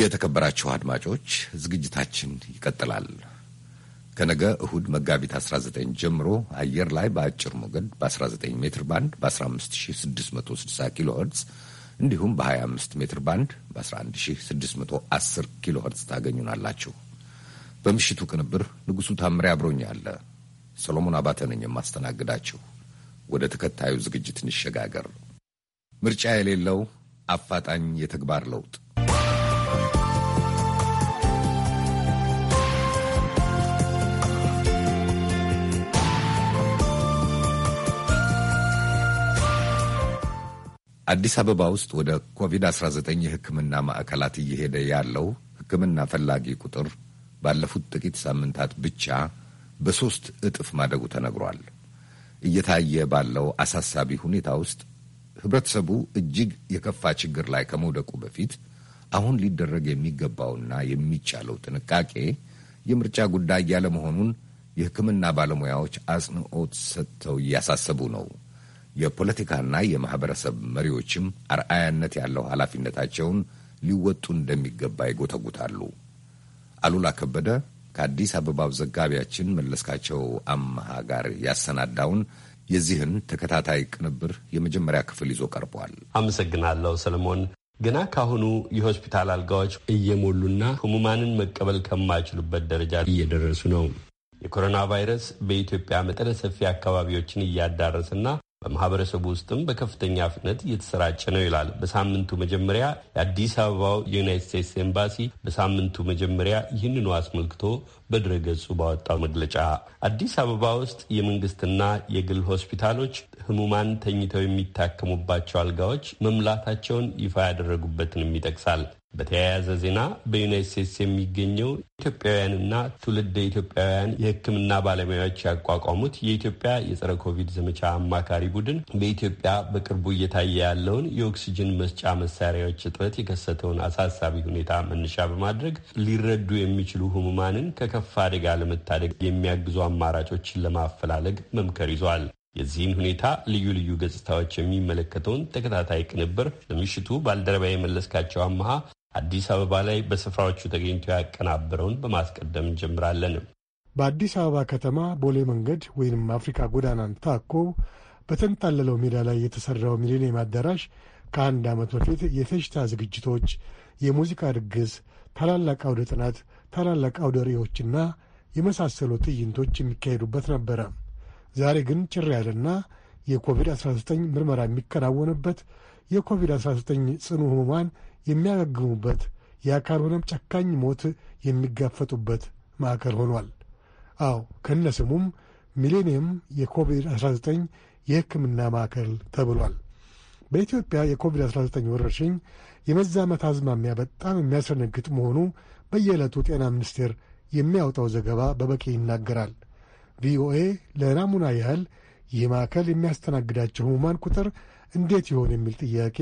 የተከበራችሁ አድማጮች ዝግጅታችን ይቀጥላል። ከነገ እሁድ መጋቢት 19 ጀምሮ አየር ላይ በአጭር ሞገድ በ19 ሜትር ባንድ በ15660 ኪሎ ሄርትዝ እንዲሁም በ25 ሜትር ባንድ በ11610 ኪሎ ሄርትዝ ታገኙናላችሁ። በምሽቱ ቅንብር ንጉሡ ታምሬ አብሮኝ ሰሎሞን አባተ ነኝ የማስተናግዳችሁ። ወደ ተከታዩ ዝግጅት እንሸጋገር። ምርጫ የሌለው አፋጣኝ የተግባር ለውጥ አዲስ አበባ ውስጥ ወደ ኮቪድ-19 የሕክምና ማዕከላት እየሄደ ያለው ሕክምና ፈላጊ ቁጥር ባለፉት ጥቂት ሳምንታት ብቻ በሦስት እጥፍ ማደጉ ተነግሯል። እየታየ ባለው አሳሳቢ ሁኔታ ውስጥ ህብረተሰቡ እጅግ የከፋ ችግር ላይ ከመውደቁ በፊት አሁን ሊደረግ የሚገባውና የሚቻለው ጥንቃቄ የምርጫ ጉዳይ ያለመሆኑን የሕክምና ባለሙያዎች አጽንኦት ሰጥተው እያሳሰቡ ነው። የፖለቲካና የማህበረሰብ መሪዎችም አርአያነት ያለው ኃላፊነታቸውን ሊወጡ እንደሚገባ ይጎተጉታሉ። አሉላ ከበደ ከአዲስ አበባው ዘጋቢያችን መለስካቸው አመሃ ጋር ያሰናዳውን የዚህን ተከታታይ ቅንብር የመጀመሪያ ክፍል ይዞ ቀርቧል። አመሰግናለሁ ሰለሞን። ገና ካሁኑ የሆስፒታል አልጋዎች እየሞሉና ህሙማንን መቀበል ከማይችሉበት ደረጃ እየደረሱ ነው። የኮሮና ቫይረስ በኢትዮጵያ መጠነ ሰፊ አካባቢዎችን እያዳረሰና በማህበረሰቡ ውስጥም በከፍተኛ ፍጥነት እየተሰራጨ ነው ይላል። በሳምንቱ መጀመሪያ የአዲስ አበባው የዩናይት ስቴትስ ኤምባሲ በሳምንቱ መጀመሪያ ይህንኑ አስመልክቶ በድረገጹ ባወጣው መግለጫ አዲስ አበባ ውስጥ የመንግስትና የግል ሆስፒታሎች ህሙማን ተኝተው የሚታከሙባቸው አልጋዎች መምላታቸውን ይፋ ያደረጉበትንም ይጠቅሳል። በተያያዘ ዜና በዩናይት ስቴትስ የሚገኘው ኢትዮጵያውያንና ትውልደ ኢትዮጵያውያን የሕክምና ባለሙያዎች ያቋቋሙት የኢትዮጵያ የጸረ ኮቪድ ዘመቻ አማካሪ ቡድን በኢትዮጵያ በቅርቡ እየታየ ያለውን የኦክሲጅን መስጫ መሳሪያዎች እጥረት የከሰተውን አሳሳቢ ሁኔታ መነሻ በማድረግ ሊረዱ የሚችሉ ህሙማንን ከከፍ አደጋ ለመታደግ የሚያግዙ አማራጮችን ለማፈላለግ መምከር ይዟል። የዚህን ሁኔታ ልዩ ልዩ ገጽታዎች የሚመለከተውን ተከታታይ ቅንብር ለምሽቱ ባልደረባ የመለስካቸው አመሃ አዲስ አበባ ላይ በስፍራዎቹ ተገኝቶ ያቀናበረውን በማስቀደም እንጀምራለን። በአዲስ አበባ ከተማ ቦሌ መንገድ ወይንም አፍሪካ ጎዳናን ታኮ በተንጣለለው ሜዳ ላይ የተሠራው ሚሊኒየም አዳራሽ ከአንድ ዓመት በፊት የፌሽታ ዝግጅቶች፣ የሙዚቃ ድግስ፣ ታላላቅ አውደ ጥናት፣ ታላላቅ አውደ ርዕዮችና የመሳሰሉ ትዕይንቶች የሚካሄዱበት ነበረ። ዛሬ ግን ጭር ያለና የኮቪድ-19 ምርመራ የሚከናወንበት የኮቪድ-19 ጽኑ ህሙማን የሚያገግሙበት ሆነም ጨካኝ ሞት የሚጋፈጡበት ማዕከል ሆኗል። አዎ ከነስሙም ሚሌኒየም የኮቪድ-19 የሕክምና ማዕከል ተብሏል። በኢትዮጵያ የኮቪድ-19 ወረርሽኝ የመዛመት አዝማሚያ በጣም የሚያስደነግጥ መሆኑ በየዕለቱ ጤና ሚኒስቴር የሚያወጣው ዘገባ በበቂ ይናገራል። ቪኦኤ ለናሙና ያህል ይህ ማዕከል የሚያስተናግዳቸው ሕሙማን ቁጥር እንዴት ይሆን የሚል ጥያቄ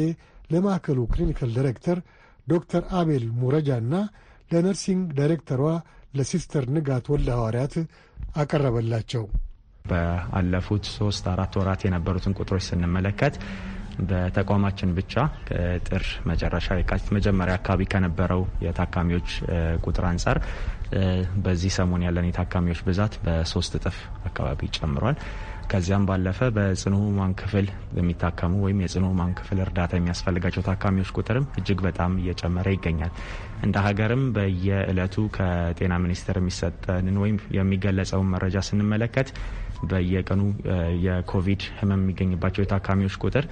ለማዕከሉ ክሊኒካል ዳይሬክተር ዶክተር አቤል ሙረጃና ለነርሲንግ ዳይሬክተሯ ለሲስተር ንጋት ወልደ ሐዋርያት አቀረበላቸው። በአለፉት ሶስት አራት ወራት የነበሩትን ቁጥሮች ስንመለከት በተቋማችን ብቻ ጥር መጨረሻ የካቲት መጀመሪያ አካባቢ ከነበረው የታካሚዎች ቁጥር አንጻር በዚህ ሰሞን ያለን የታካሚዎች ብዛት በሶስት እጥፍ አካባቢ ጨምሯል። ከዚያም ባለፈ በጽኑ ህሙማን ክፍል የሚታከሙ ወይም የጽኑ ህሙማን ክፍል እርዳታ የሚያስፈልጋቸው ታካሚዎች ቁጥርም እጅግ በጣም እየጨመረ ይገኛል። እንደ ሀገርም በየእለቱ ከጤና ሚኒስቴር የሚሰጠንን ወይም የሚገለጸውን መረጃ ስንመለከት በየቀኑ የኮቪድ ህመም የሚገኝባቸው የታካሚዎች ቁጥር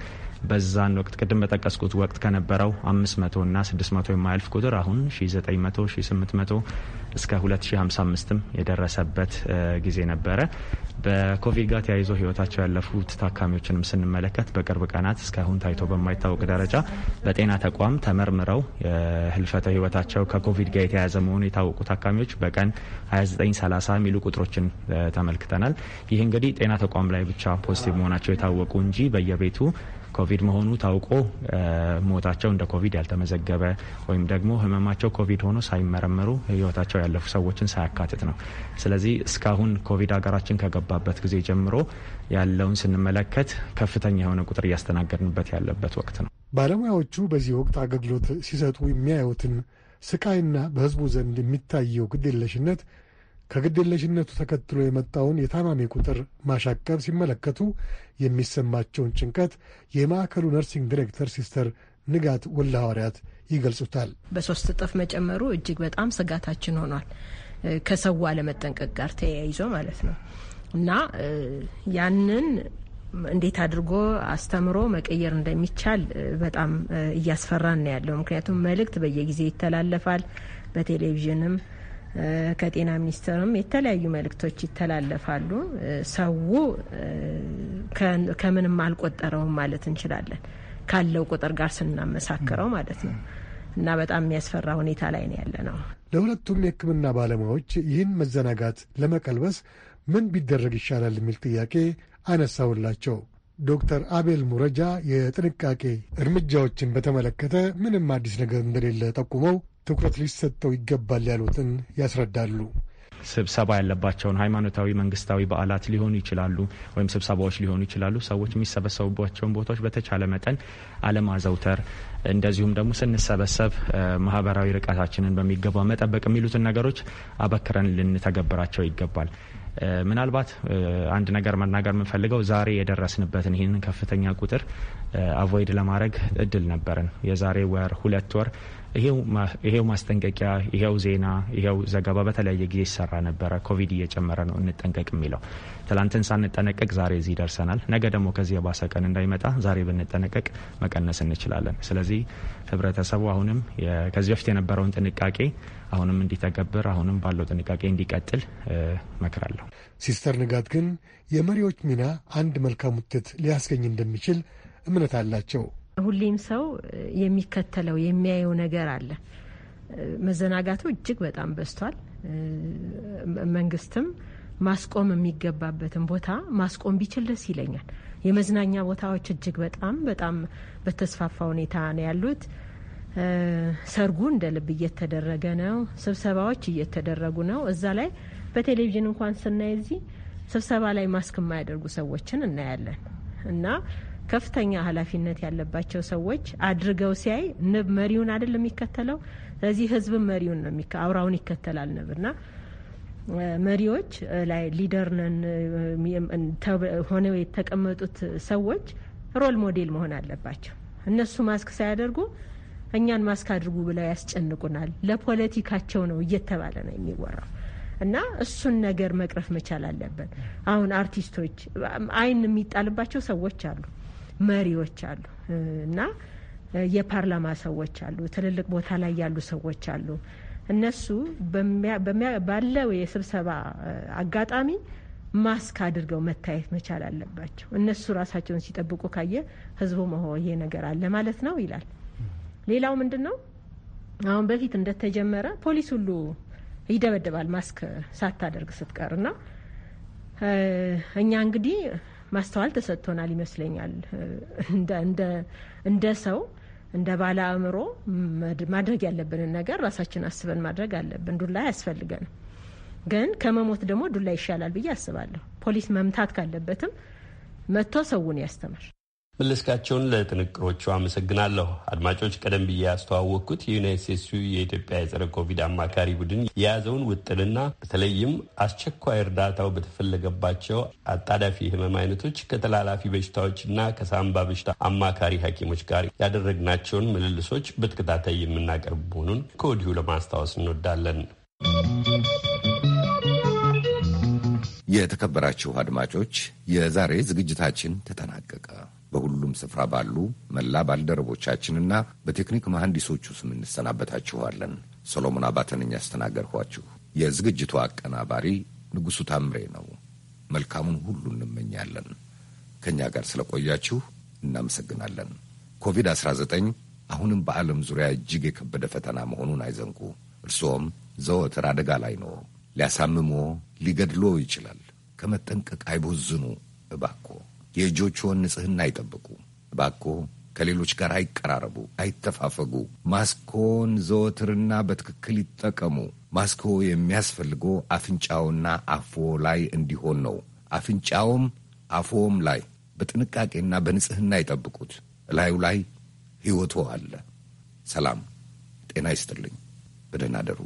በዛን ወቅት ቅድም በጠቀስኩት ወቅት ከነበረው አምስት መቶ እና ስድስት መቶ የማያልፍ ቁጥር አሁን መቶ ሺ ስምንት መቶ እስከ ሀምሳ አምስትም የደረሰበት ጊዜ ነበረ። በኮቪድ ጋር ተያይዞ ህይወታቸው ያለፉት ታካሚዎችንም ስንመለከት በቅርብ ቀናት እስካሁን ታይቶ በማይታወቅ ደረጃ በጤና ተቋም ተመርምረው የህልፈተ ህይወታቸው ከኮቪድ ጋር የተያያዘ መሆኑ የታወቁ ታካሚዎች በቀን 29፣ 30 የሚሉ ቁጥሮችን ተመልክተናል። ይህ እንግዲህ ጤና ተቋም ላይ ብቻ ፖዚቲቭ መሆናቸው የታወቁ እንጂ በየቤቱ ኮቪድ መሆኑ ታውቆ ሞታቸው እንደ ኮቪድ ያልተመዘገበ ወይም ደግሞ ህመማቸው ኮቪድ ሆኖ ሳይመረመሩ ህይወታቸው ያለፉ ሰዎችን ሳያካትት ነው። ስለዚህ እስካሁን ኮቪድ ሀገራችን ከገባበት ጊዜ ጀምሮ ያለውን ስንመለከት ከፍተኛ የሆነ ቁጥር እያስተናገድንበት ያለበት ወቅት ነው። ባለሙያዎቹ በዚህ ወቅት አገልግሎት ሲሰጡ የሚያዩትን ስቃይና በህዝቡ ዘንድ የሚታየው ግዴለሽነት ከግዴለሽነቱ ተከትሎ የመጣውን የታማሚ ቁጥር ማሻቀብ ሲመለከቱ የሚሰማቸውን ጭንቀት የማዕከሉ ነርሲንግ ዲሬክተር ሲስተር ንጋት ወላዋርያት ይገልጹታል። በሶስት እጥፍ መጨመሩ እጅግ በጣም ስጋታችን ሆኗል። ከሰው አለመጠንቀቅ ጋር ተያይዞ ማለት ነው እና ያንን እንዴት አድርጎ አስተምሮ መቀየር እንደሚቻል በጣም እያስፈራን ነው ያለው። ምክንያቱም መልእክት በየጊዜ ይተላለፋል በቴሌቪዥንም ከጤና ሚኒስቴርም የተለያዩ መልእክቶች ይተላለፋሉ። ሰው ከምንም አልቆጠረውም ማለት እንችላለን፣ ካለው ቁጥር ጋር ስናመሳክረው ማለት ነው። እና በጣም የሚያስፈራ ሁኔታ ላይ ነው ያለ ነው። ለሁለቱም የሕክምና ባለሙያዎች ይህን መዘናጋት ለመቀልበስ ምን ቢደረግ ይሻላል የሚል ጥያቄ አነሳውላቸው። ዶክተር አቤል ሙረጃ የጥንቃቄ እርምጃዎችን በተመለከተ ምንም አዲስ ነገር እንደሌለ ጠቁመው ትኩረት ሊሰጠው ይገባል ያሉትን ያስረዳሉ። ስብሰባ ያለባቸውን ሃይማኖታዊ፣ መንግስታዊ በዓላት ሊሆኑ ይችላሉ፣ ወይም ስብሰባዎች ሊሆኑ ይችላሉ። ሰዎች የሚሰበሰቡባቸውን ቦታዎች በተቻለ መጠን አለማዘውተር፣ እንደዚሁም ደግሞ ስንሰበሰብ ማህበራዊ ርቀታችንን በሚገባ መጠበቅ የሚሉትን ነገሮች አበክረን ልንተገብራቸው ይገባል። ምናልባት አንድ ነገር መናገር የምንፈልገው ዛሬ የደረስንበትን ይህንን ከፍተኛ ቁጥር አቮይድ ለማድረግ እድል ነበረን። የዛሬ ወር ሁለት ወር ይሄው ማስጠንቀቂያ፣ ይሄው ዜና፣ ይሄው ዘገባ በተለያየ ጊዜ ይሰራ ነበረ። ኮቪድ እየጨመረ ነው እንጠንቀቅ የሚለው ትላንትን ሳንጠነቀቅ ዛሬ እዚህ ደርሰናል። ነገ ደግሞ ከዚህ የባሰ ቀን እንዳይመጣ ዛሬ ብንጠነቀቅ መቀነስ እንችላለን። ስለዚህ ህብረተሰቡ አሁንም ከዚህ በፊት የነበረውን ጥንቃቄ አሁንም እንዲተገብር አሁንም ባለው ጥንቃቄ እንዲቀጥል መክራለሁ። ሲስተር ንጋት ግን የመሪዎች ሚና አንድ መልካም ውጤት ሊያስገኝ እንደሚችል እምነት አላቸው። ሁሌም ሰው የሚከተለው የሚያየው ነገር አለ። መዘናጋቱ እጅግ በጣም በዝቷል። መንግስትም ማስቆም የሚገባበትን ቦታ ማስቆም ቢችል ደስ ይለኛል። የመዝናኛ ቦታዎች እጅግ በጣም በጣም በተስፋፋ ሁኔታ ነው ያሉት። ሰርጉ እንደ ልብ እየተደረገ ነው። ስብሰባዎች እየተደረጉ ነው። እዛ ላይ በቴሌቪዥን እንኳን ስናይ እዚህ ስብሰባ ላይ ማስክ የማያደርጉ ሰዎችን እናያለን እና ከፍተኛ ኃላፊነት ያለባቸው ሰዎች አድርገው ሲያይ ንብ መሪውን አይደል የሚከተለው። ስለዚህ ህዝብ መሪውን ነው አውራውን ይከተላል ንብና መሪዎች ላይ ሊደር ነን ሆነው የተቀመጡት ሰዎች ሮል ሞዴል መሆን አለባቸው። እነሱ ማስክ ሳያደርጉ እኛን ማስክ አድርጉ ብለው ያስጨንቁናል። ለፖለቲካቸው ነው እየተባለ ነው የሚወራው እና እሱን ነገር መቅረፍ መቻል አለብን። አሁን አርቲስቶች አይን የሚጣልባቸው ሰዎች አሉ። መሪዎች አሉ እና የፓርላማ ሰዎች አሉ፣ ትልልቅ ቦታ ላይ ያሉ ሰዎች አሉ። እነሱ ባለው የስብሰባ አጋጣሚ ማስክ አድርገው መታየት መቻል አለባቸው። እነሱ ራሳቸውን ሲጠብቁ ካየ ህዝቡ መሆ ይሄ ነገር አለ ማለት ነው ይላል። ሌላው ምንድን ነው? አሁን በፊት እንደተጀመረ ፖሊስ ሁሉ ይደበደባል ማስክ ሳታደርግ ስትቀር ስትቀርና እኛ እንግዲህ ማስተዋል ተሰጥቶናል ይመስለኛል። እንደ ሰው እንደ ባለ አእምሮ ማድረግ ያለብንን ነገር ራሳችን አስበን ማድረግ አለብን። ዱላ አያስፈልገንም፣ ግን ከመሞት ደግሞ ዱላ ይሻላል ብዬ አስባለሁ። ፖሊስ መምታት ካለበትም መጥቶ ሰውን ያስተምር። መለስካቸውን ለጥንቅሮቹ አመሰግናለሁ። አድማጮች፣ ቀደም ብዬ ያስተዋወቅኩት የዩናይት ስቴትሱ የኢትዮጵያ የጸረ ኮቪድ አማካሪ ቡድን የያዘውን ውጥንና በተለይም አስቸኳይ እርዳታው በተፈለገባቸው አጣዳፊ ህመም አይነቶች ከተላላፊ በሽታዎችና ከሳምባ በሽታ አማካሪ ሐኪሞች ጋር ያደረግናቸውን ምልልሶች በተከታታይ የምናቀርብ መሆኑን ከወዲሁ ለማስታወስ እንወዳለን። የተከበራችሁ አድማጮች፣ የዛሬ ዝግጅታችን ተጠናቀቀ። በሁሉም ስፍራ ባሉ መላ ባልደረቦቻችንና በቴክኒክ መሐንዲሶቹ ስም እንሰናበታችኋለን። ሰሎሞን አባተነኝ ያስተናገርኋችሁ። የዝግጅቱ አቀናባሪ ንጉሡ ታምሬ ነው። መልካሙን ሁሉ እንመኛለን። ከእኛ ጋር ስለቆያችሁ እናመሰግናለን። ኮቪድ-19 አሁንም በዓለም ዙሪያ እጅግ የከበደ ፈተና መሆኑን አይዘንጉ። እርስዎም ዘወትር አደጋ ላይ ነው። ሊያሳምሞ ሊገድሎ ይችላል። ከመጠንቀቅ አይቦዝኑ እባክዎ። የእጆችዎን ንጽህና አይጠብቁ። እባክዎ ከሌሎች ጋር አይቀራረቡ፣ አይተፋፈጉ። ማስኮን ዘወትርና በትክክል ይጠቀሙ። ማስኮ የሚያስፈልጎ አፍንጫውና አፍዎ ላይ እንዲሆን ነው። አፍንጫውም አፍዎም ላይ በጥንቃቄና በንጽህና ይጠብቁት። እላዩ ላይ ሕይወቶ አለ። ሰላም ጤና ይስጥልኝ። በደህና አደሩ።